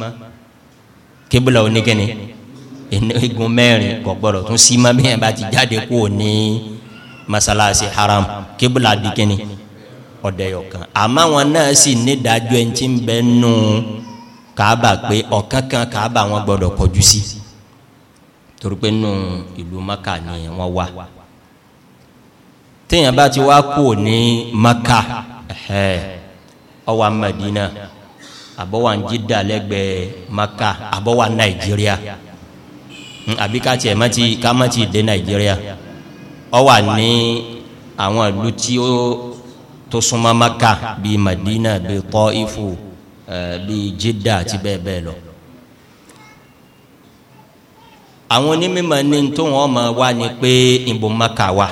kébìlà oníkẹ́ni igun mẹ́rin kò gbọ́dọ̀ tún sí mọ́ bí yẹn bá ti jáde kúrò ní. masalasi haram kébùlà dikini ọ̀dẹ̀ ọ̀kan àmọ́ wọn náà sì nídàájọ́ ẹni tí ń bẹ nù kaaba pé ọ̀kan kan kaaba wọn gbọ́dọ̀ kọjú sí torí pé nù ìlú maka ni wọn wà téèyàn bá ti wá kú ní maka ọwọ́ amadina àbọ̀wá ń jídà lẹ́gbẹ̀ẹ́ maka àbọ̀wá nàìjíríà àbí ká tiẹ̀ ká má ti dé nàìjíríà ọ wà ní àwọn ìlú tí ó tó súnmọ́ maka bíi madina bíi tọ́ífù bíi jidda àti bẹ́ẹ̀ bẹ́ẹ̀ lọ. àwọn onímọ̀ ní tó wọn mọ̀ wá ni pé ìbò maka wà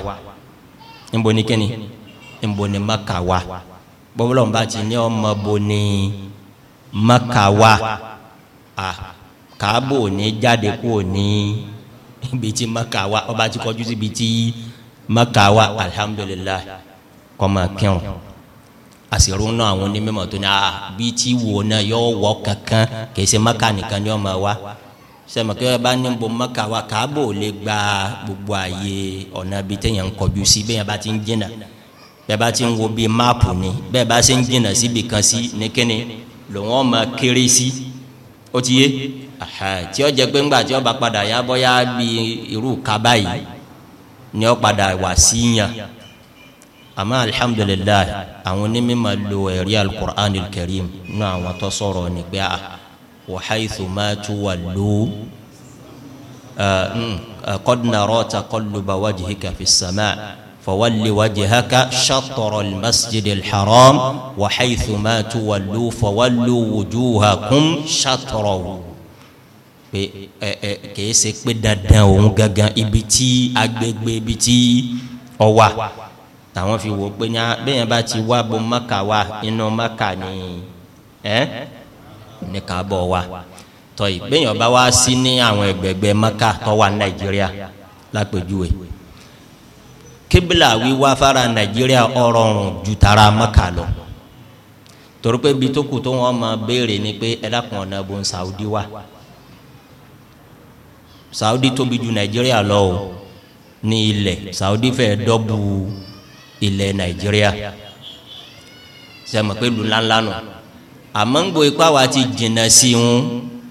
ìbò ní kíni ìbò ní maka wà bọ́bọ́lọ́n ti ní ọmọ bo ní maka wà à ní jáde kúrò ní ibi tí maka wà ọba ti kọjú síbi tí. Si Makawa, alhamdulillah, alihamudulilayi kọ́mọ kẹ́hùn àsìrúnà àwọn onímọ̀ tó ní a ah, bíi tí wò náà yọ wọ kankan kìí ṣe maka nìkan ni ọmọ wa sẹ́mi kí wọ́n bá ní bo maka wa káàbò lè gba gbogbo ààyè ọ̀nà bíi téèyàn ń kọjú sí bẹ́ẹ̀ bá ti ń jìnnà bẹ́ẹ̀ bá ti ń wo bíi máàpù ni bẹ́ẹ̀ bá ṣe ń jìnnà síbi kan sí nìkíni lòun ọmọ kéré sí ó ti yé tí ó jẹ́ pé ńgbà tí ó bá padà yá bọ́ yá bíi irú kaba yìí. ni ó padà wà sí yàn àmọ́ alihamudulilayi àwọn onímọ̀ máa lo ẹ̀rí alukur'an karim nínú àwọn tó sọ̀rọ̀ nígbà wa haythu ma tuwallu qad nara taqalluba wajhika fi as-sama' fawalli wajhaka shatra al-masjid al-haram wa haythu ma tuwallu fawallu wujuhakum shatrahu. pé ẹ ẹ kìí ṣe pé dandan òun gangan ibi tí agbègbè ibi tí ọ wà tàwọn fi wò pé ní abẹ́yẹn bá ti wá bo maka wa inú maka ni ẹ ní ká bọ̀ wa tọ́yì bẹ́yẹn bá wá sí ní àwọn ẹgbẹ̀gbẹ̀ maka tó wà nàìjíríà lápèjúwe kíbílà wíwá fara nàìjíríà ọrọrùn ju tara maka lọ torí pé ibi tó kù tó wọn máa béèrè ni pé ẹ dákun ọ̀nà bo ń saudi wa. Saudi tóbi ju Nàìjíríà lọ o ní ilẹ̀ Saudi fẹ́ dọ́bù ilẹ̀ Nàìjíríà sẹ́mi pé lu ńláńlá nù àmọ́ ń bo ipá wa ti jìnnà sí i ń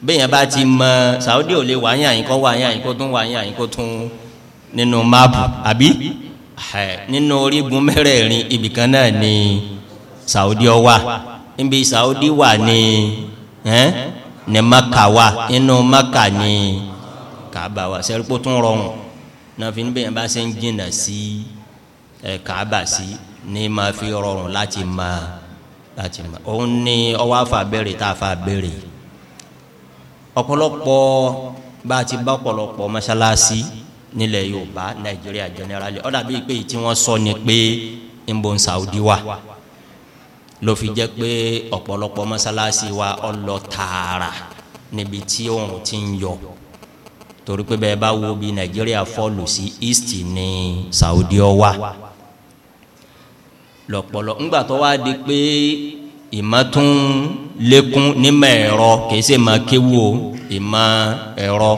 bẹ́ẹ̀yàn bá ti mọ Saudi ò lè wà yàn yín kọ́ wà yàn yín kó tún wà yàn yín kó tún nínú máàpù àbí nínú orígun mẹ́rẹ̀ẹ̀rin ibìkan náà ni Saudi ọ wà níbi Saudi wà ní ní Maka wà nínú Maka ni. Eh? kàába wa sẹ́ríkó tún rọrùn náà fi ń bẹ́ẹ̀ bá ṣe ń jìnnà sí ẹ̀ kàába sí ní máa fi rọrùn láti máa láti máa òun ní ọwọ́ àfà béèrè tá a fà béèrè ọ̀pọ̀lọpọ̀ bá a ti bá ọ̀pọ̀lọpọ̀ mọ́ṣáláṣí nílẹ̀ Yorùbá Nàìjíríà generally ó dà bí pé tí wọ́n sọ ni pé ń bọ̀ ń Saudi wa ló fi jẹ́ pé ọ̀pọ̀lọpọ̀ mọ́ṣáláṣí wa ó lọ tààrà níbi tí òun ti ń yọ torí pé bẹ́ẹ̀ bá wo bí nàìjíríà fọ́ọ̀lù sí east ní saudi ọwa lọ́pọ̀lọ́ ńgbà tó wá di pé ìmọ̀tún lékún nímọ̀ ẹ̀rọ kìí ṣe máa kéwu o ìmọ̀ ẹ̀rọ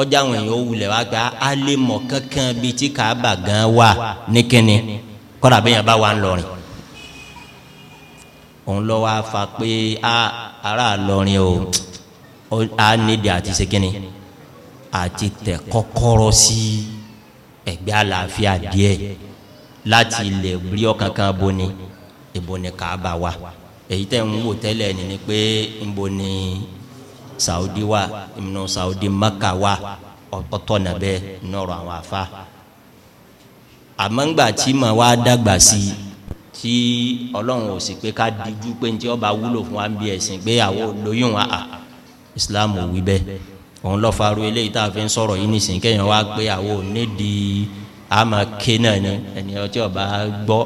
ọjà àwọn èèyàn wulẹ̀ wá gba alẹ́mọ̀ kankan bíi tí kàába gan wà níkẹ́ni kọ́dà bẹ́ẹ̀ yẹn bá wà ń lọrin òun lọ wá fa pé ah, a ará lọrin o a nídìí àti ṣe kínni àti tẹ̀ kọ́kọ́rọ́ sí ẹ̀gbẹ́ àlàáfíà díẹ̀ láti lè rí ọkàn kan boni ìbò ni Kaaba wa èyí tẹ̀ ń wò tẹ́lẹ̀ ni ni pé ńbo ni Saudi wa ìmùnà Saudi Maka wa ọ̀tọ̀ nàbẹ́ nọ̀rọ̀ àwọn afa àmọ́ngbà tí mà wá dàgbà sí i tí ọlọ́run ò sì pé ká dijú pé ní tí ọba wúlò fún wa ń bí ẹ̀sìn pé àwọn olóyún wa Islam ò wí bẹ́ẹ̀ òun lọ faru eléyìí tá a fi ń sọ̀rọ̀ yìí nísìnyí kéèyàn wá pé àwọn ò ní di àmà ké náà ni ẹni ọtí ọba gbọ́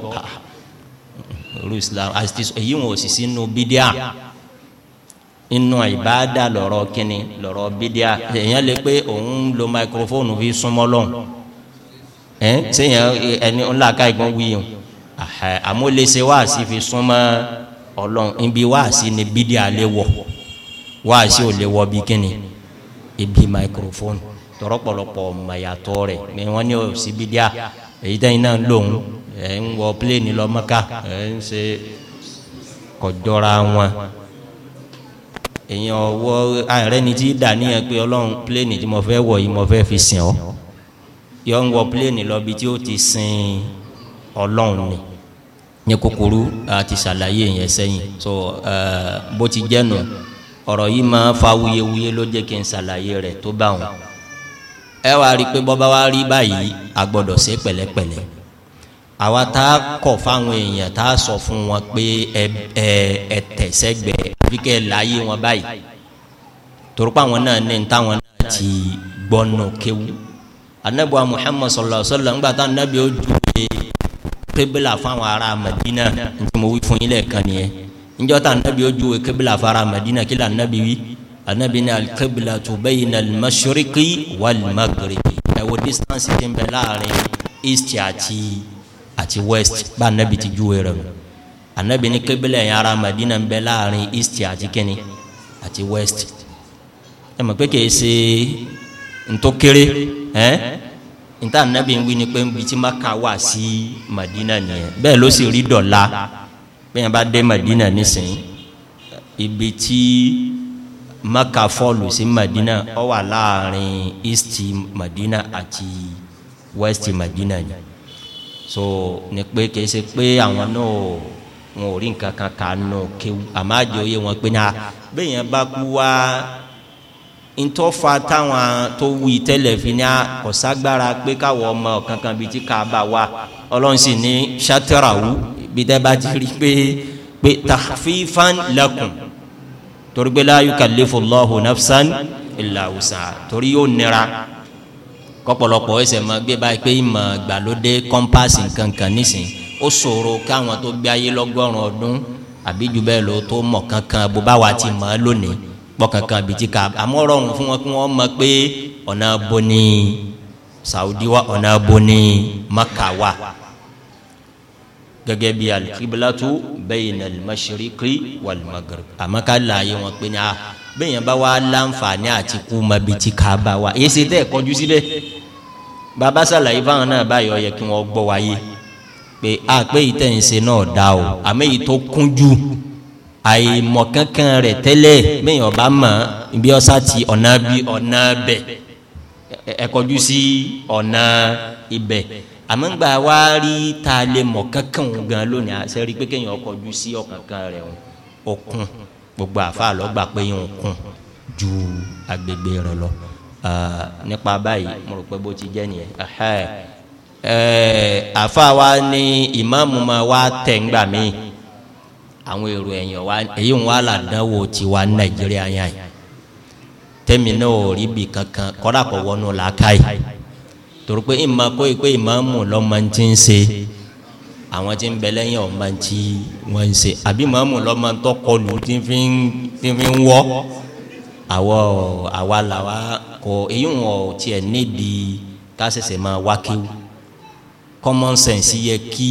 orí islam àti èyí wọn ò sì sínú bídíà inú ìbáàdà lọ̀rọ̀ kínní lọ̀rọ̀ bídíà èèyàn lè pé òun lo máikrófóònù fi súnmọ́ lọ́hùn ẹ̀ sẹ́yìn ẹni ńlá ká ìgbọ́n wíyàn àmúlẹ̀sẹ̀ wáàsí fi súnmọ́ ọlọ́run ibi wáàsí ni bídíà lè wọ̀ wáàsí ò lè wọ̀ bí kínní ibi microphone tọrọpọlọpọ mayatọ rẹ mẹ wọn ní òsibídíà èyí tẹ́yìn náà lòun ẹ̀ ń wọ pléènì lọ Mẹ́kà ẹ̀ ń ṣe kọjọra wọn èyàn ọwọ́ ààrẹ ni ti dà níyẹn pé ọlọ́run pléènì tí mo fẹ́ wọ̀ yìí mo fẹ́ fi sìn ọ́ yọ ń wọ pléènì lọ bí tí ó ti sin ọlọ́run ni ní kúkúrú àti ṣàlàyé yẹn sẹ́yìn so bó ti jẹ́ nù. No ọ̀rọ̀ yìí máa fa wuyewuye ló jẹ́ kí n ṣàlàyé rẹ̀ tó bá wọn. ẹ wá rí i pé bọ́ba wa rí báyìí a gbọ́dọ̀ ṣe pẹ̀lẹ́pẹ̀lẹ́ àwa tá a kọ̀ èèyàn tá sọ fún wọn pé ẹ ẹ ẹ kẹ́ ẹ wọn báyìí torípa àwọn náà ní táwọn náà ti gbọ́nà kéwú anabi ó ju pé fáwọn ará Madina níjọ́ tá anabi ojú kébìlà fara madina kí lànàbí wí anabi ní alikébìlà tó bẹ́yìn ní alimashoriki wàlmagrebi ẹ wo distance ti ń bẹ láàrin east àti àti west bá anabi ti ju rẹ o anabi ní kébìlà yẹn ara madina ń bẹ láàrin east àti kínní àti west ẹ mọ̀ pé kìí ntokere ẹ nta anabi ń ni pé ń bi tí madina nìyẹn bẹ́ẹ̀ ló sì rí dọ̀la bí bá dé madina nísìnyí ibi tí maka fọ́ọ̀lù sí madina ọ wà láàrin east madina àti west madina ni so ní pé kìí ṣe pé àwọn náà wọn ò rí nǹkan kan kà nù kéwù àmọ́ àjọ yẹ wọn pé náà bẹ́ẹ̀ yẹn bá kú wá ntọ́fà táwọn tó wí tẹ́lẹ̀ fi ní ọ̀ságbára pé káwọ́ ọmọ kankan bíi tí ká bá wa ọlọ́run sì ní ṣàtẹ̀ràwù bí tẹ́ bá ti rí pé pé tahfifan lakum torí pé la yukallifu Allahu nafsan illa wus'aha torí yóò nira kọ́pọ̀lọpọ̀ ẹsẹ̀ máa gbé báyìí pé ìmọ̀ gbàlódé kọ́mpáàsì kankan nísìn ó ṣòro káwọn tó gbé ayé lọ́gọ́rùn ọdún àbí jù bẹ́ẹ̀ lọ tó mọ̀ kankan bó ti mọ̀ ọ́ lónìí pọ̀ kankan bìtì ká àmọ́rọ̀ fún wọn kí wọ́n mọ̀ pé ọ̀nà abo ni Saudi wa ọ̀nà abo ni Maka gẹ́gẹ́ bí alikibulatu bayna al-mashriqi wal-maghrib àmọ́ ká láàyè wọn pé ní a ah, bẹ́ẹ̀ yẹn bá wà láǹfààní àti kú mọbi tí ká bá wa èyí ṣe tẹ́ ẹ̀ kọjú sílẹ̀ bàbá sàlàyé fáwọn náà báyọ̀ yẹ kí wọ́n gbọ́ wáyé pé a pé yìí ń ṣe náà dá o àmọ́ èyí tó kúnjú àìmọ̀ kankan rẹ̀ tẹ́lẹ̀ bẹ́ẹ̀ yẹn mọ̀ ibi ọ̀sá ti ọ̀nà bí ọ̀nà bẹ̀ ẹ̀ sí ọ̀nà ibẹ̀ àmọ́ ń gbà wá rí ta lè mọ̀ kankan òun gan lónìí àṣẹ rí pé kéèyàn kọjú sí ọ̀kankan rẹ̀ òun òkun gbogbo àfa àlọ́gbà pé yín òkun ju agbègbè rẹ̀ lọ nípa báyìí mo rò pé bó ti jẹ́ nìyẹn àfa wa ní ìmáàmù ma wá tẹ̀ ń gbà mí àwọn èrò ẹ̀yàn wa èyí ń wá làdánwò tiwa Nàìjíríà yẹn tẹ́mi náà ò rí bì kankan kọ́dà kọ́ wọnú làákàyè torí pé ìmọ̀ kó ìpè ìmáàmù lọ́ máa ń ti ń ṣe àwọn tí ń bẹ lẹ́yìn ọ̀ máa ń ti wọ́n ń ṣe àbí ìmáàmù lọ́ máa ń tọkọ lù tí fi ń tí fi ń wọ́ àwọ̀ àwa làwa kọ èyí wọn ò tiẹ̀ nídìí ká máa wá kéwù common sense yẹ kí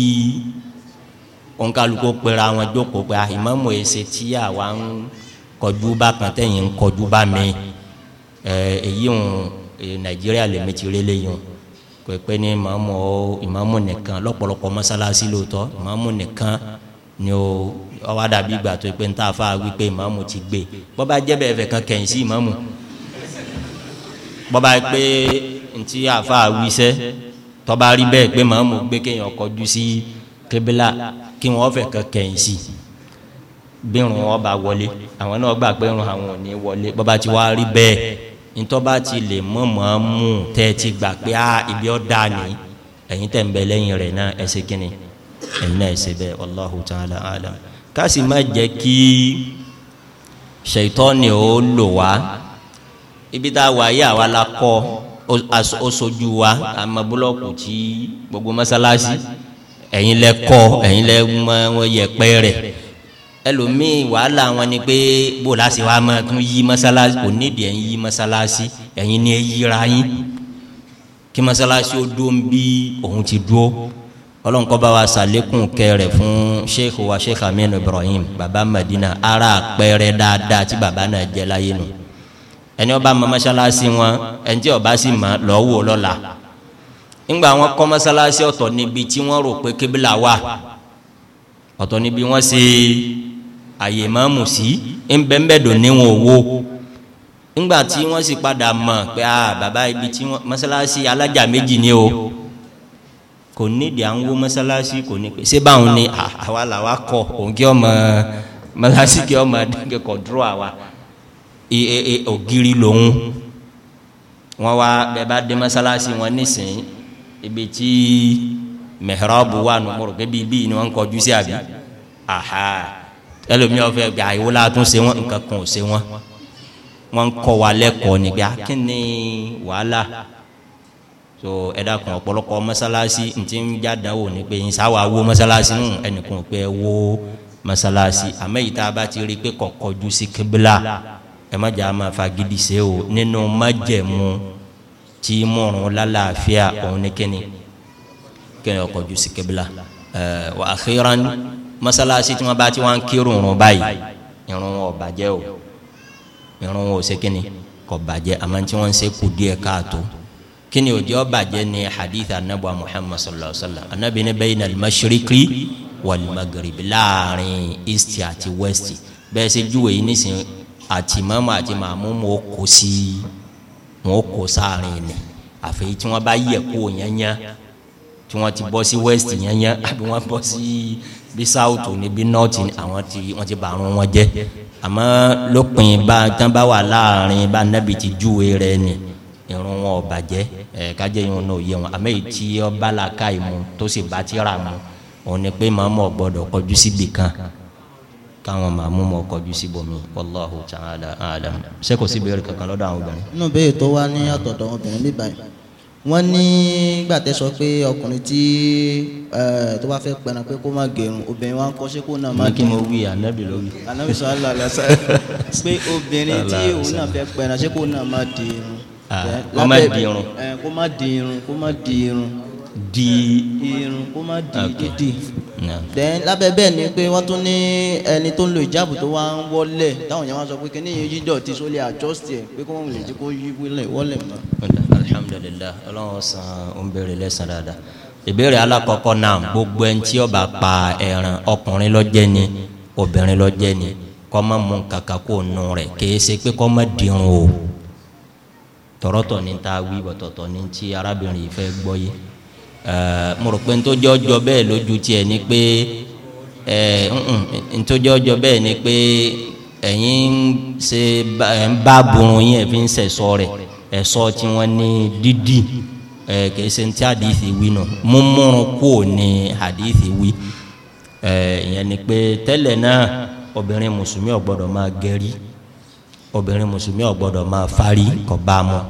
onkaluko pera àwọn jókòó pé ìmáàmù ẹsẹ tí àwa ń kọjú bá kan tẹ̀yìn ń kọjú bá mi ẹ̀ èyí ń Nàìjíríà lèmi ti rí lẹ́yìn o pèpè ní ìmáàmù ọ ìmáàmù nìkan lọ́pọ̀lọpọ̀ mọ́sálásí lóòótọ́ ìmáàmù nìkan ni ó ọwọ́ dàbí ìgbà tó pé níta fáa wípé ìmáàmù ti gbé bọ́ba jẹ́ bẹ́ẹ̀ fẹ́ kan kẹ̀yìn sí ìmáàmù bọ́ba pé ntí àfáà wíṣẹ́ tọ́ba rí bẹ́ẹ̀ pé ìmáàmù gbé kéèyàn kọjú sí kébélà kí wọ́n fẹ́ kan kẹ̀yìn sí bí irun wọn bá wọlé àwọn náà gbà pé irun àwọn ò ní wọlé bọ́ba ti wá rí bẹ́ẹ̀ ntọ́ba ti lè mọ̀ mu mú tẹ́ ti gbà pé a ah, ibi ọ́ da ni ẹ̀yin tẹ̀ ń bẹ lẹ́yìn rẹ̀ náà ẹ ṣe kíni ẹ̀yin náà ẹ Allahu ta'ala alam Kasi sì má jẹ́ kí ṣètọ́ni ó lò wá ibi tá a wà yí àwa la kọ́ ó sojú wa àmọ́ búlọ́ọ̀kù tí gbogbo mọ́sálásí ẹ̀yin lẹ kọ́ ẹ̀yin lẹ mọ yẹpẹ́ rẹ̀ ẹlòmíì wàhálà wọn ni pé bó láti wàá máa tún yí mọ́sálásí kò nídìí ẹ̀ ń yí mọ́sálásí ẹ̀yin ni ẹ yíra yín kí mọ́sálásí ó dó ń bí òun ti dúó ọlọ́nkọ́ bá wa sàlékún kẹrẹ fún sheikh wa sheikh aminu ibrahim baba madina ara àpẹẹrẹ dáadáa tí baba náà jẹ láyé nù ẹni ọba mọ mọ́sálásí wọn ẹni tí ọba sì mọ lọ́wọ́ lọ́la ńgbà wọn kọ́ mọ́sálásí ọ̀tọ̀ níbi tí wọ́n rò pé kébìlà wà ọ̀tọ̀ níbi wọ́n ṣe. Si àyè mọ́mù sí ń bẹ́ ń bẹ́ dùn níwọ̀n owó ńgbà tí wọ́n sì padà mọ̀ pé ah bàbá ibi tí wọ́n mọ́sálásí alájà méjì ni o kò nídìí à ń wó mọ́sálásí kò ní pé ṣé báwọn ni àwa làwa kọ òun kí ọmọ mọ́sálásí kí ọmọ kọ̀ dúró àwa e, e, ògiri lòun wọ́n wá bẹ́ẹ̀ bá dé mọ́sálásí wọn nísìnyí ibi tí mẹ̀hẹ́rọ́bù wà nù mọ̀rọ̀ pé bíi ni wọ́n kọjú sí àbí aha ẹlòmíì ọ̀fẹ́ gbà ìwọ la tún ṣe wọn nǹkan kan ò ṣe wọn wọn ń kọ́ wa lẹ́kọ̀ọ́ nígbà kí ni wàhálà so ẹ dákun ọ̀pọ̀lọpọ̀ mọ́sálásí ntí ń jádáwò ní pé ń sáwà wo mọ́sálásí nù ẹnìkan pé wo mọ́sálásí àmẹ́yìí tá a bá ti rí i pé kọ̀kọ́jú sí kébìlà ẹ má jà máa fagidi ṣe o nínú májẹ̀mú tí mọ̀rún lálàáfíà òun ní kíni kíni ọkọ̀jú sí kébìlà ẹ wà á mọ́sálásí tí wọ́n bá ti wá ń kírun rún báyìí irun wọn ò bàjẹ́ o irun wọn ò ṣe kíni kò bàjẹ́ àmọ́ tí wọ́n ń ṣe kù díẹ̀ káàtó kíni òjò bàjẹ́ ni hadith anabu muhammad sallallahu alaihi wa sallam anabi ni bayna al-mashriqi wal-maghrib láàrin east àti west bẹ́ẹ̀ ṣe júwe yìí nísìnyí àti mọ́mọ́ àti màmú wọn kò sí wọn kò sáàrin ni àfi tí wọ́n bá yẹ kó yẹn tí wọ́n ti bọ́ sí west yẹn àbí wọ́n bọ́ sí. Si bí sáwùtù ni bí nọ́ọ̀tì ni àwọn ti wọ́n ti bàrún wọn jẹ́ àmọ́ lópin bá tán bá wà láàrin bá nábì ti júwe rẹ̀ ni irun wọn ò bàjẹ́ ẹ̀ kájẹ́ irun náà yẹ wọn àmọ́ èyí tí ọba làkà ìmú tó sì bá ti rà mú òun ni pé màmú ọ̀gbọ́dọ̀ kọjú síbi kan káwọn màmú mọ̀ kọjú síbòmí wallahu ta'ala alam ṣé kò sí ìbéèrè kankan lọ́dọ̀ àwọn obìnrin. inú bẹ́ẹ̀ tó wá ní àtọ̀dọ̀ obìnrin bíbáyìí wọ́n ní gbàtẹ́ sọ pé ọkùnrin tí tó bá fẹ́ pẹ̀ràn pé kó má gẹ̀rùn obìnrin wa ń kọ́ sí kó náà má gẹ̀rùn. kí mo wí ànábì ló wí. ànábì sọ àlọ́ àlọ́sà pé obìnrin tí òun náà fẹ́ pẹ̀ràn sí kó náà má di ah, kó má di kó má di kó má di di. irun kó má di dídì. then lábẹ́ bẹ́ẹ̀ ni pé wọ́n tún ní ẹni tó ń lo ìjáàbù tó wá ń wọlé táwọn yẹn wá sọ pé kíní yìí dọ̀tí sólè adjust ẹ̀ pé kó wọ́n lè ti kó yí wọlé mọ́. alhamdulilayi ọlọ́run san ń bèrè lẹ́sàn dáadáa ìbéèrè alákọ̀ọ́kọ́ náà gbogbo ẹni tí ó pa ẹran ọkùnrin lọ́jẹ́ ni obìnrin lọ́jẹ́ ni kọ́ má mú kàkà kó nù rẹ̀ kìí ṣe pé kọ́ má dirun o tọ̀rọ̀tọ̀ ní ta wí bọ̀tọ̀tọ̀ ní ti arábìnrin yìí fẹ́ gbọ́ yìí mo rò pé ntòjọ́jọ́ bẹ́ẹ̀ lójú tiẹ̀ ni pé ntòjọ́jọ́ bẹ́ẹ̀ ni pé ẹ̀yin ń ṣe ń bá burun yín ẹ̀ fi ń sẹ̀sọ́ rẹ̀ ẹ̀sọ́ tí wọ́n ní dídì ẹ̀ kìí ṣe ti àdìsí wí nù múmúrun kò ní àdìsí wí ìyẹn ni pé tẹ́lẹ̀ náà obìnrin mùsùlùmí ò máa gẹ̀rí obìnrin mùsùlùmí ò máa fárí kọ́ bá a mọ́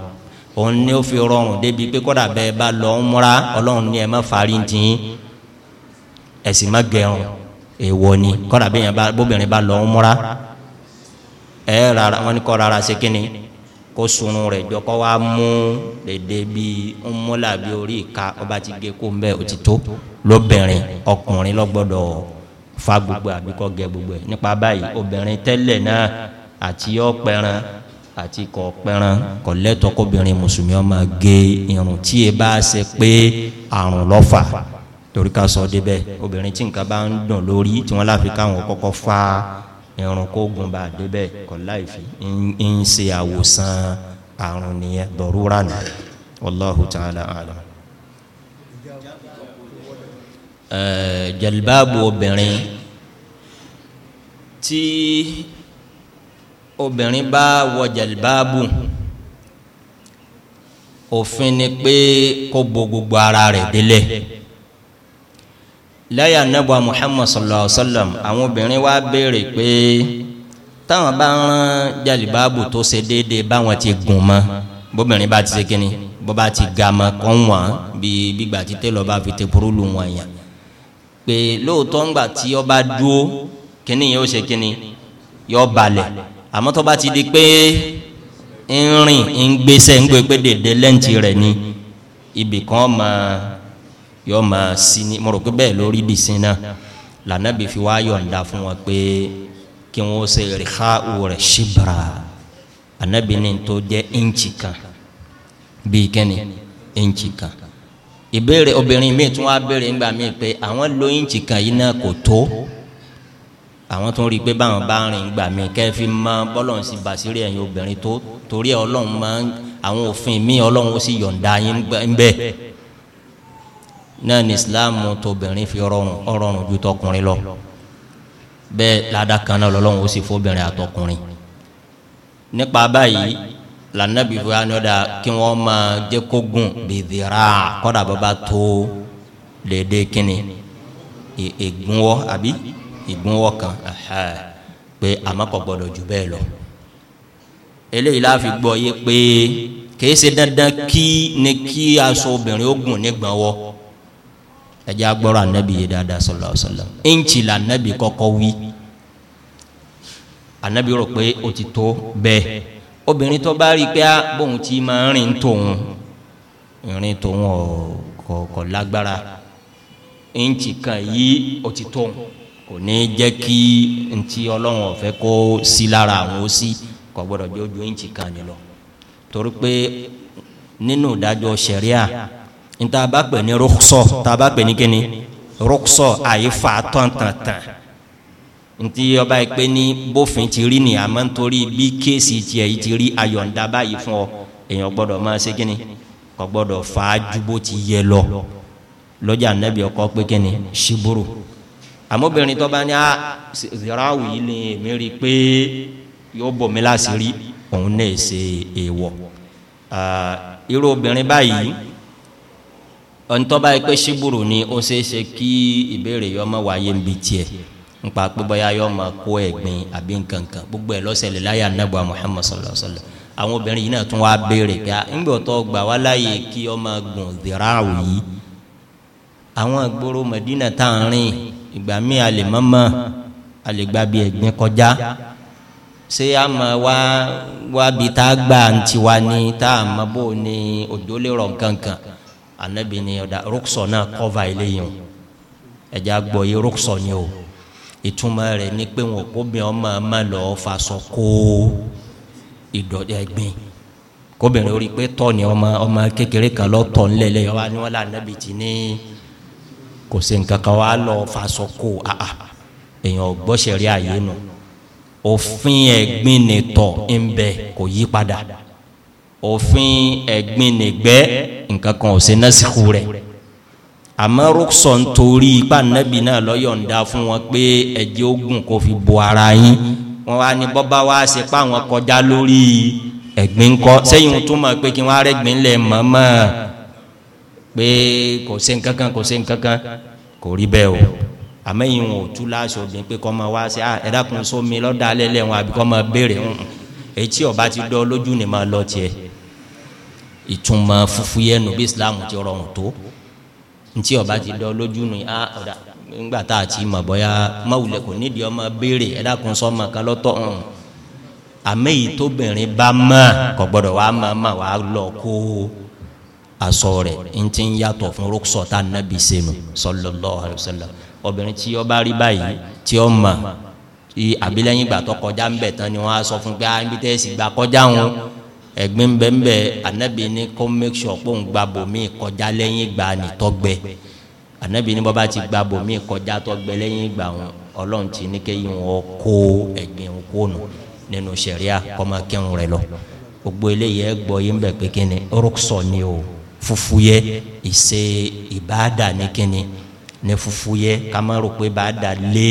òun ni ó fi rọrùn débi pé kọ́dà bẹ́ẹ̀ bá lọ ń múra ọlọ́run ní ẹ má fari ń tì í ẹ̀sìn má gẹrun èèwọ̀ ni kọ́dà bẹ́ẹ̀ bóbìnrin bá lọ ń múra ẹ rárá wọn ni kọ́ rárá ṣe kínni kó sunu rẹ̀ jọ kọ́ wa mú dèdè bí ń múlà bí orí ìka ọba ti gé kó ń bẹ́ẹ̀ ó ti tó lóbìnrin ọkùnrin lọ́gbọ́dọ̀ fa gbogbo àbíkọ́ gẹ gbogbo ẹ̀ nípa báyìí obìnrin tẹ́lẹ̀ náà àti ọ̀pẹ̀rẹ̀ àti kọ pẹran kọ lẹ́tọ̀ọ́ kóbìnrin mùsùlùmí ọmọ gé irun tí e bá ṣe pé àrùn lọ́fà torí ká sọ débẹ̀ obìnrin tí nǹkan bá ń dùn lórí tí wọ́n láfi káwọn kọ́kọ́ fa irun kó gun bá débẹ̀ kọ láìfi ń ṣe àwòsàn àrùn nìyẹn dọ̀rúra nù wallahu ta'ala alam. jalibabu obìnrin tí obìnrin bá wọ jàlbáàbù òfin ni pé kó bo gbogbo ara rẹ̀ délẹ̀ lẹ́yìn anábọ̀ muhammad sallallahu alayhi wa sallam àwọn obìnrin wá béèrè pé táwọn bá ń rán jàlbáàbù tó ṣe déédéé báwọn ti gùn mọ́ bóbìnrin bá ti ṣe kínní bó bá ti ga mọ́ kọ́ wọ́n bí gbígbà títẹ́ lọ́ọ́ bá fi tẹ burúkú wọn yàn pé lóòótọ́ ńgbà tí ọba dúró kínní yẹn ó ṣe kínní yọ balẹ̀ àmọ́ tó bá ti di pé ń rìn ń gbèsè gbé pé dèdè lẹ́ǹtì rẹ̀ ni ibì kan máa yọ máa sí ni mo rò pé bẹ́ẹ̀ lórí dìsín náà lànà bí fi wá yọ̀ǹda fún wọn pé kí wọ́n ṣe rìkà rẹ̀ ṣibra ànábì ní tó jẹ́ íǹtì kan bíi kẹ́ni íǹtì kan ìbéèrè obìnrin mi tún wá béèrè ńgbà míì pé àwọn lo íǹtì kan yìí náà kò tó àwọn tó ń rí i pé báwọn bá rìn gbà mí kẹ́ẹ̀fì mọ bọ́lọ̀n sí basiri ẹ̀yin obìnrin tó torí ẹ̀ ọlọ́run máa ń àwọn òfin mi ọlọ́run ó sì yọ̀ǹda yín bẹ́ẹ̀ náà ní ìsìláàmù tóbìnrin fi ọrọ̀rùn ọrọ̀rùn ju tọkùnrin lọ bẹ́ẹ̀ ládàkan náà lọ́lọ́run ó sì fóbìnrin àtọkùnrin nípa báyìí lànàbí fún wa ní ọ̀dà kí wọ́n máa jẹ́ kó gùn bìdìrà kọ́dà bàbá tó lédè kínni ègún wọ́ àbí. E, ìgúnwọ́ kan pé àmọ́kọ̀ gbọ́dọ̀ jù bẹ́ẹ̀ lọ eléyìí la fi gbọ́ yé pé kìí ṣe dandan kí ni kí aṣọ obìnrin ó gùn nígbà wọ ẹjẹ agbọrọ anabi yé dáadáa sallallahu alaihi wasallam ẹnchì la anabi kọ́kọ́ wí anabi rò pé o ti tó bẹ́ẹ̀ obìnrin tó bá rí i pé bóun ti máa rìn tòun rìn tòun ọ̀ọ́ kọ̀ọ̀kọ̀ lágbára ẹnchì kan yìí ó ti tóun kò ní jẹ́ kí ntí ọlọ́run ọ̀fẹ́ kó sí lára àwọn ó sí kò gbọ́dọ̀ bí ojú ẹ̀ǹtì kan ni lọ torí pé nínú ìdájọ́ sẹ̀ríà níta bá pè ní rúkṣọ tá bá pè ní kíni rúkṣọ àyífà tọ̀ntàntàn ntí ọba yìí pé ní bófin ti rí ni àmọ́ nítorí bí kéèsì tiẹ̀ yìí ti rí ayọ̀ǹda báyìí fún ọ èèyàn gbọ́dọ̀ máa ṣe kíni kò gbọ́dọ̀ fàájú bó ti yẹ lọ lọ́jà nẹ́bí ọkọ pé kíni ṣíbúrò àmọ́bìnrin tó bá ní a ah, zirawu yìí ni èmi rí i pé yóò bọ̀ mí láṣìírí òun náà ṣe èèwọ̀ irú obìnrin báyìí ọ̀ntọ́ba yìí pé ṣíbùrù ni ó ṣeé ṣe kí ìbéèrè yọ ọmọ wáyé ń bi tiẹ̀ nípa pé bóyá kó ẹ̀gbin àbí nkankan gbogbo ẹ̀ lọ́sẹ̀lẹ̀ láyé anábọ̀ Muhammad sallallahu alayhi wa sallam àwọn obìnrin yìí náà tún wá béèrè pé ńgbà ah, tó gbà wá láàyè kí ọmọ gùn zirawu yìí àwọn ìgboro Madina tá ń rìn ìgbà míì a lè mọ́mọ́ a lè gba bí ẹ̀gbin kọjá ṣé a mọ̀ wá wá bí tá a gbà ń tiwa ni tá a mọ̀ bó ni òjò lè rọ̀ nkankan anabi ni ọ̀dà rúkṣọ̀ náà kọ́va eléyìí o ẹ̀já gbọ́ yé rúkṣọ̀ ni o ìtumọ̀ rẹ̀ ni pé wọn kò bí ọmọ ọmọ lọ faṣọ kó ìdọ̀gbìn kóbìnrin orí pé tọ́ ni ọmọ ọmọ kékeré kan lọ tọ̀ ńlẹ̀ lẹ́yìn wa ni wọ́n lé anabi ti ní. Ni kò sí nǹkan kan wàá lọ faṣọ kó aa ah, ah. èèyàn gbọ́sẹ̀rí àyè nù òfin ẹ̀gbin nìtọ̀ ń bẹ kò yí padà òfin ẹ̀gbin nìgbẹ́ nǹkan kan ò sí násìkò rẹ̀ àmọ́ rúkṣọ̀ ń torí ipá nẹ́bí náà lọ́yọ̀ǹda fún wọn pé ẹ̀jẹ̀ ogun kò fi bo ara yín wọn wá ní bọ́bá wá ṣe pa àwọn kọjá lórí ẹ̀gbin kọ́ sẹ́yìn tó mọ̀ pé kí wọ́n á rẹ́gbin lẹ̀ mọ́mọ́ ẹ̀ pé kò sí nkankan kò sí nkankan kò rí bẹ́ẹ̀ o àmẹ́yìn wọn ò tú láṣọ obìnrin pé kọ́ ma wá sí à ah, ẹ̀dá kun sómi lọ́dà alẹ́ lẹ́wọ̀n àbí kọ́ ma béèrè ń etí ọba ti dọ́ lójú ni ma lọ tiẹ̀ ìtumọ̀ fufu yẹn nu bí Islam ti rọrùn tó ntí ọba ti dọ́ lójú ni à ah, ọ̀dà ńgbà tá a ti mọ̀ bọ́yá mọ̀wulẹ̀ kò nídìí ọmọ béèrè ẹ̀dá kun sọ́mọ kan lọ́tọ̀ ń àmẹ́yìn tóbìnrin bá mọ̀ kò gbọ́dọ̀ wá mọ̀ mọ̀ wá lọ kó aṣọ rẹ̀ ń ti ń fún rúkṣọ̀ tá nàbì sẹ́nu sallallahu alaihi wasallam obìnrin tí ó bá rí báyìí tí ó mà tí àbílẹ̀yìn ìgbà tó kọjá ń bẹ̀ tán ni wọ́n á sọ fún pé á ah, ibi tẹ́ sì gbà kọjá wọn ẹ̀gbin bẹ́ẹ̀ anabi ni kó make sure pé òun gba bòmí kọjá lẹ́yìn ìgbà nìtọ́gbẹ́ anabi ni bọ́ba ti gba bòmí kọjá tọ́gbẹ́ lẹ́yìn ìgbà wọn ọlọ́run ti ní kéyìn wọn kó ẹ̀gbin kó nù nínú sẹ̀ríà kọ́mọ kírun rẹ lọ gbogbo eléyìí ẹ yín bẹ̀ pé kíni rúkṣọ ni o fufu yẹ ìṣe ìbáàdà ní kíni ní fufu yẹ ká má rò pé báàdà lé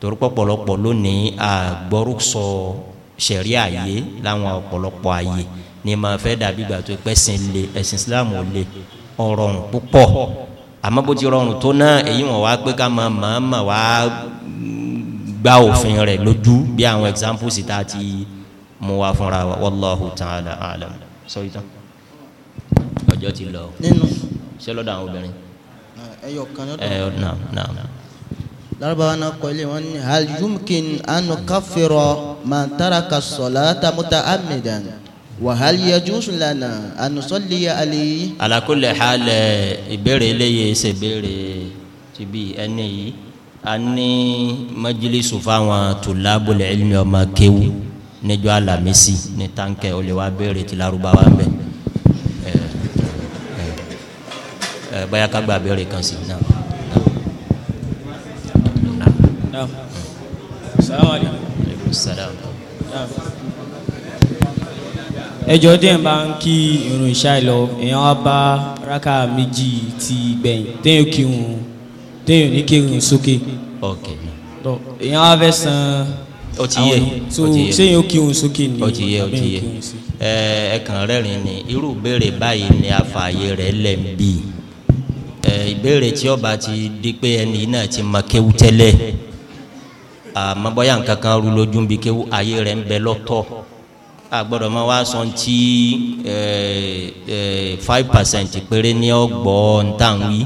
torúkọ pọ̀lọpọ̀ lónìí àgbọrúsọ sẹríà yé láwọn ọ̀pọ̀lọpọ̀ àyè ní ma fẹ́ dàbí gbà tó pẹ́sìn lé ẹ̀sìn islam ò lé ọ̀rọ̀rùn púpọ̀ àmọ́ bó ti rọrùn tó náà èyí wọn wá pé ká mọ màmá wá gba òfin rẹ̀ lójú bí àwọn examples tá ti mú wa fúnra wa wàlláhu ta'ala alam sọ yìí tán ọjọ́ ti lọ. nínú ṣé lọ́dọ̀ àwọn obìnrin. ẹyọ kan lọ́dọ̀. ẹ ọ nà nà nà. larabawa náà kọ ilé wọn ni hal yumkin an kafiro man taraka salata muta'ammidan wa hal yajuzu lana an nusalli alayhi. ala kulli hal ìbéèrè eléyìí ṣe béèrè ti bí ẹni yìí a ní majlisu fáwọn tulabul ilmi ọmọ kéwù níjọ́ Àlàmísì ní táǹkẹ́ olè wa béèrè ti Lárúbáwá ń báyà ká gba abẹ́rẹ́ kan sí náà. ẹjọ́ díẹ̀ bá ń kí irun ìṣá ìlọ èèyàn wá bá rákà méjì ti gbẹ̀yìn téèyàn kírun téèyàn ní kírun sókè èèyàn wá fẹ́ san ó ti yé ó kí òun sókè ni ó ti yé ó ti ẹ ẹ kàn rẹ́rìn ni irú béèrè báyìí ni àfààyè rẹ̀ lẹ̀ ń bì í ìbéèrè tí ọba ti di pé ẹni náà ti mọ kéwu tẹ́lẹ̀ àmọ́ bóyá nǹkan lójú bí kéwu ayé rẹ̀ ń bẹ lọ́tọ̀ agbọ́dọ̀ máa wá sọ ti five percent péré ní ọgbọ́ ntàwí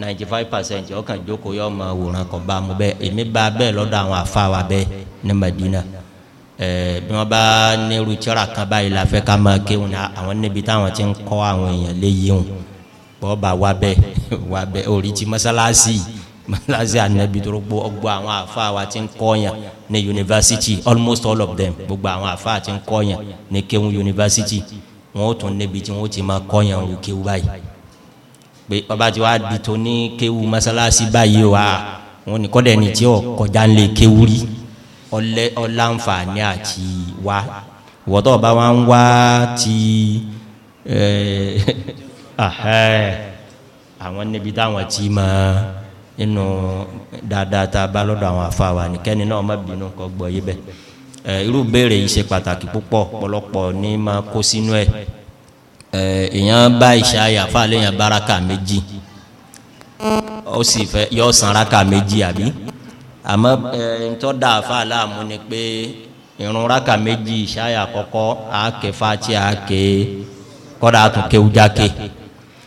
ninety five percent ọkàn jókòó yọ ọmọ wòran kan bá mu bẹ́ẹ̀ èmi bá bẹ́ẹ̀ lọ́dọ̀ àwọn afa wa bẹ́ẹ̀ ní Madina bí wọ́n bá nírú tíra kan báyìí la fẹ́ ká máa kéwọn àwọn níbi táwọn ti ń kọ́ àwọn èèyàn léyìí wọn bá wa bẹ́ẹ̀ wà bẹ orí masalasi masalasi anabi tó gbó gbó àwọn afa wa ti ń kọyàn ní yunifásitì almost all of them gbogbo àwọn afa ti ń kọyàn ní kéwù yunifásitì wọn ó tún níbi tí wọn ti máa kọyàn òru kéwù báyìí pé bàbá tí wàá di tó ní kéwù masalasi báyìí wa wọn ní kọ́dẹ̀ ní tí ò kọjá ń lè kéwù rí ọlẹ́ ọláǹfààní àti wa wọ́tọ̀ bá wa ń wá ti ẹ̀ẹ́ ahẹ́ẹ́. [laughs] àwọn níbi táwọn tí ma nínú dáadáa tá a bá lọ́dọ̀ àwọn afa wa nìkẹ́ni náà má bínú kọ́ gbọ́ yí bẹ́ẹ̀ ẹ irú béèrè yìí ṣe pàtàkì púpọ̀ pọ̀lọpọ̀ ní máa kó sínú ẹ̀ ẹ èèyàn bá ìṣe àyàfà lẹ́yìn báraka méjì ó sì fẹ́ yọ sanraka méjì àbí àmọ́ ẹ ntọ́ da àfa láàmú ni pé irun raka méjì ìṣe àyà kọ́kọ́ àáké fati àáké kọ́dà àtúnkéwújáké.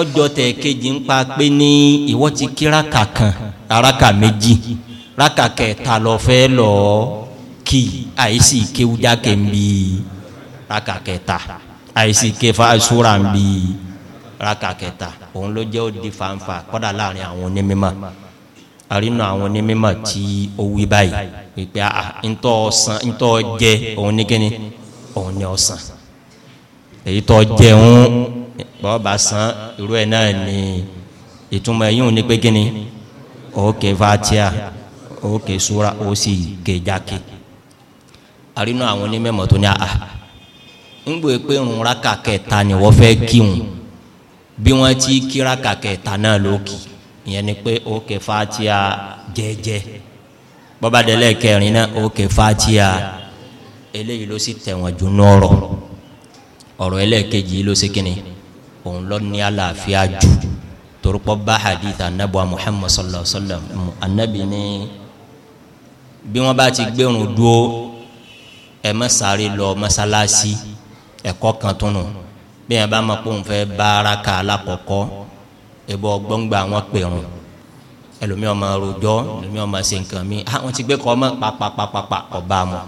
ọjọ́ tẹ̀ kejì ń pa pé ní ìwọ ti kí raka kan raka méjì raka kẹta lọ fẹ́ lọ kí àìsí kéwújáke ń bi raka kẹta àìsí kéfà sura ń bi raka kẹta òun ló jẹ́ òdi fanfa kọ́dà láàrin àwọn onímọ̀ àrínú àwọn onímọ̀ tí ó wí báyìí pé pé ntọ́ ọ̀sán ntọ́ jẹ òun ní kíni òun ní ọ̀sán. èyí tó jẹun bọ́ọ̀bà san irú ẹ̀ náà ni ìtumọ̀ yìí ò ní pé kíni òkè fatia òkè sura ó sì jákè. àrínú àwọn onímọ̀ tó ní àhà ńgbò pé ń raka kẹta ni wọ́n fẹ́ kíhun bí wọ́n ti kí raka kẹta náà lókì ìyẹn ni pé òkè fatia jẹ́jẹ́ bọ́ọ̀bà délẹ̀ kẹrin náà òkè fatia eléyìí ló sì tẹ̀wọ̀n jù nọ́ọ̀rọ̀. ọ̀rọ̀ ẹlẹ́ẹ̀kejì ló ṣe kínní òun lọ ní àlàáfíà jù torúpọ̀ bá hadith anabu muhammad sallallahu alayhi wa sallam anabi ni bí wọ́n bá ti gbẹ̀rún dúró ẹ má sáré lọ mọ́sálásí ẹ̀kọ́ kan tó nù bí wọ́n bá mọ̀ pé òun fẹ́ bára ka alákọ̀ọ́kọ́ ẹ̀bọ̀ gbọ́ngbà wọn pèrún ẹlòmíọ́ máa rojọ́ ẹlòmíọ́ máa ṣe nǹkan mi ah wọ́n ti gbé ọmọ pàpàpàpàpà ọba mọ́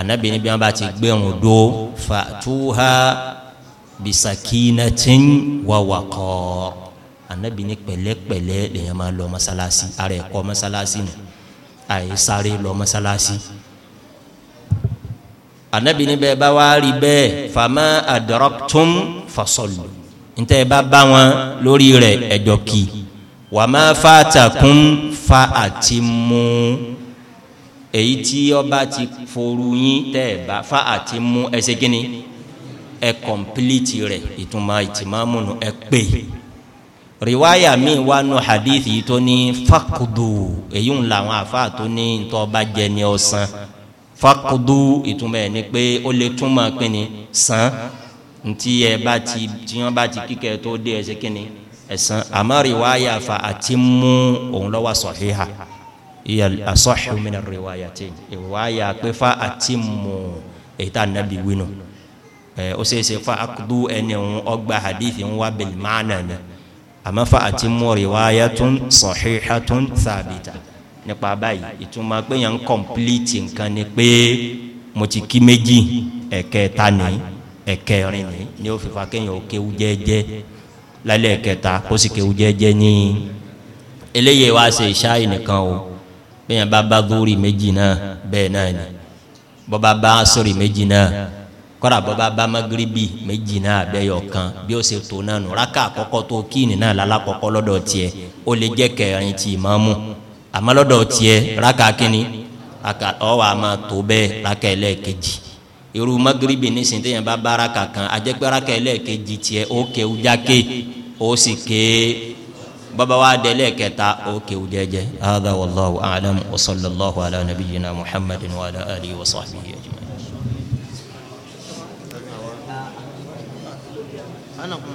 anabi ni bí wọn bá ti gbẹrun do fatuha bisakinatin wawakọ anabi ni pẹ̀lẹ́pẹ̀lẹ́ lèyàn máa lọ masalasi ara ẹkọ masalasi ni àyè sáré lọ masalasi anabi ni bẹ́ẹ̀ bá wá rí bẹ́ẹ̀ fama adaraktum fasọlù ntẹ bá bá wọn lórí rẹ̀ ẹjọ kì wàmà fàtàkùn fa àtìmú èyí tí ọba ti foru yín tẹ́ ẹ bá fa àti mú ẹsẹ̀ gíní ẹ kọ̀mpilíìtì rẹ̀ ìtumọ̀ ìtìmọ̀mùnú ẹ pè riwaya mi wa nu hadithi tó ní fakudu èyí ń làwọn afa tó ní ntọ́ba jẹ ní ọ̀sán fakudu ìtumọ̀ ẹ̀ ni pé ó lè túmọ̀ pé ní sàn ntí ẹ bá ti tí wọn bá ti kíkẹ́ tó dé ẹsẹ̀ gíní ẹ̀sán àmọ́ riwaya fa àti mú òun lọ́wọ́ sọ̀híhà. So iye asọ́xù mi na riwaya ti riwaya pé fa àti mu èyí tá nàbí winu ẹ ó ṣe é ṣe fa akudu ẹni ń ọgbà hadithi ń wá bẹ̀lì máàna ni àmọ́ fa àti mu riwaya tún sọ̀xíxa tún sàbìtà nípa báyìí ìtumọ̀ pé yẹn ń kọ́mpilíìtì nǹkan ni pé mo ti kí méjì ẹ̀kẹta ni ẹ̀kẹrin ni ni ó fi fa kéèyàn ó kéwu jẹ́ẹ́jẹ́ lálẹ́ ẹ̀kẹta ó sì kéwu jẹ́ẹ́jẹ́ ní eléyìí wá ṣe ìṣáì nìkan o bẹ́ẹ̀ bá bá dórí méjì náà bẹ́ẹ̀ náà ni bọ́ba bá sórí méjì náà kọ́ra bọ́ba bá magiribi méjì náà bẹ́yọ̀ kan bí ó ṣe tó náà nù rákà àkọ́kọ́ tó kíni náà lálá kọ́kọ́ lọ́dọ̀ tiẹ̀ ó lè jẹ́ kẹrin tí ìmáàmù àmọ́ lọ́dọ̀ tiẹ̀ rákà kíni ọwọ́ a tó bẹ́ẹ̀ rákà ẹlẹ́ẹ̀kejì irú magiribi nísìnyí téèyàn bá bá rákà kan àjẹpẹ́ rákà ẹlẹ́ẹ̀kejì tiẹ̀ ó kéwú jákè ó sì ké بابا وادلك تا اوكي وجاجة هذا والله أعلم وصلى الله على نبينا محمد وعلى آله وصحبه أجمعين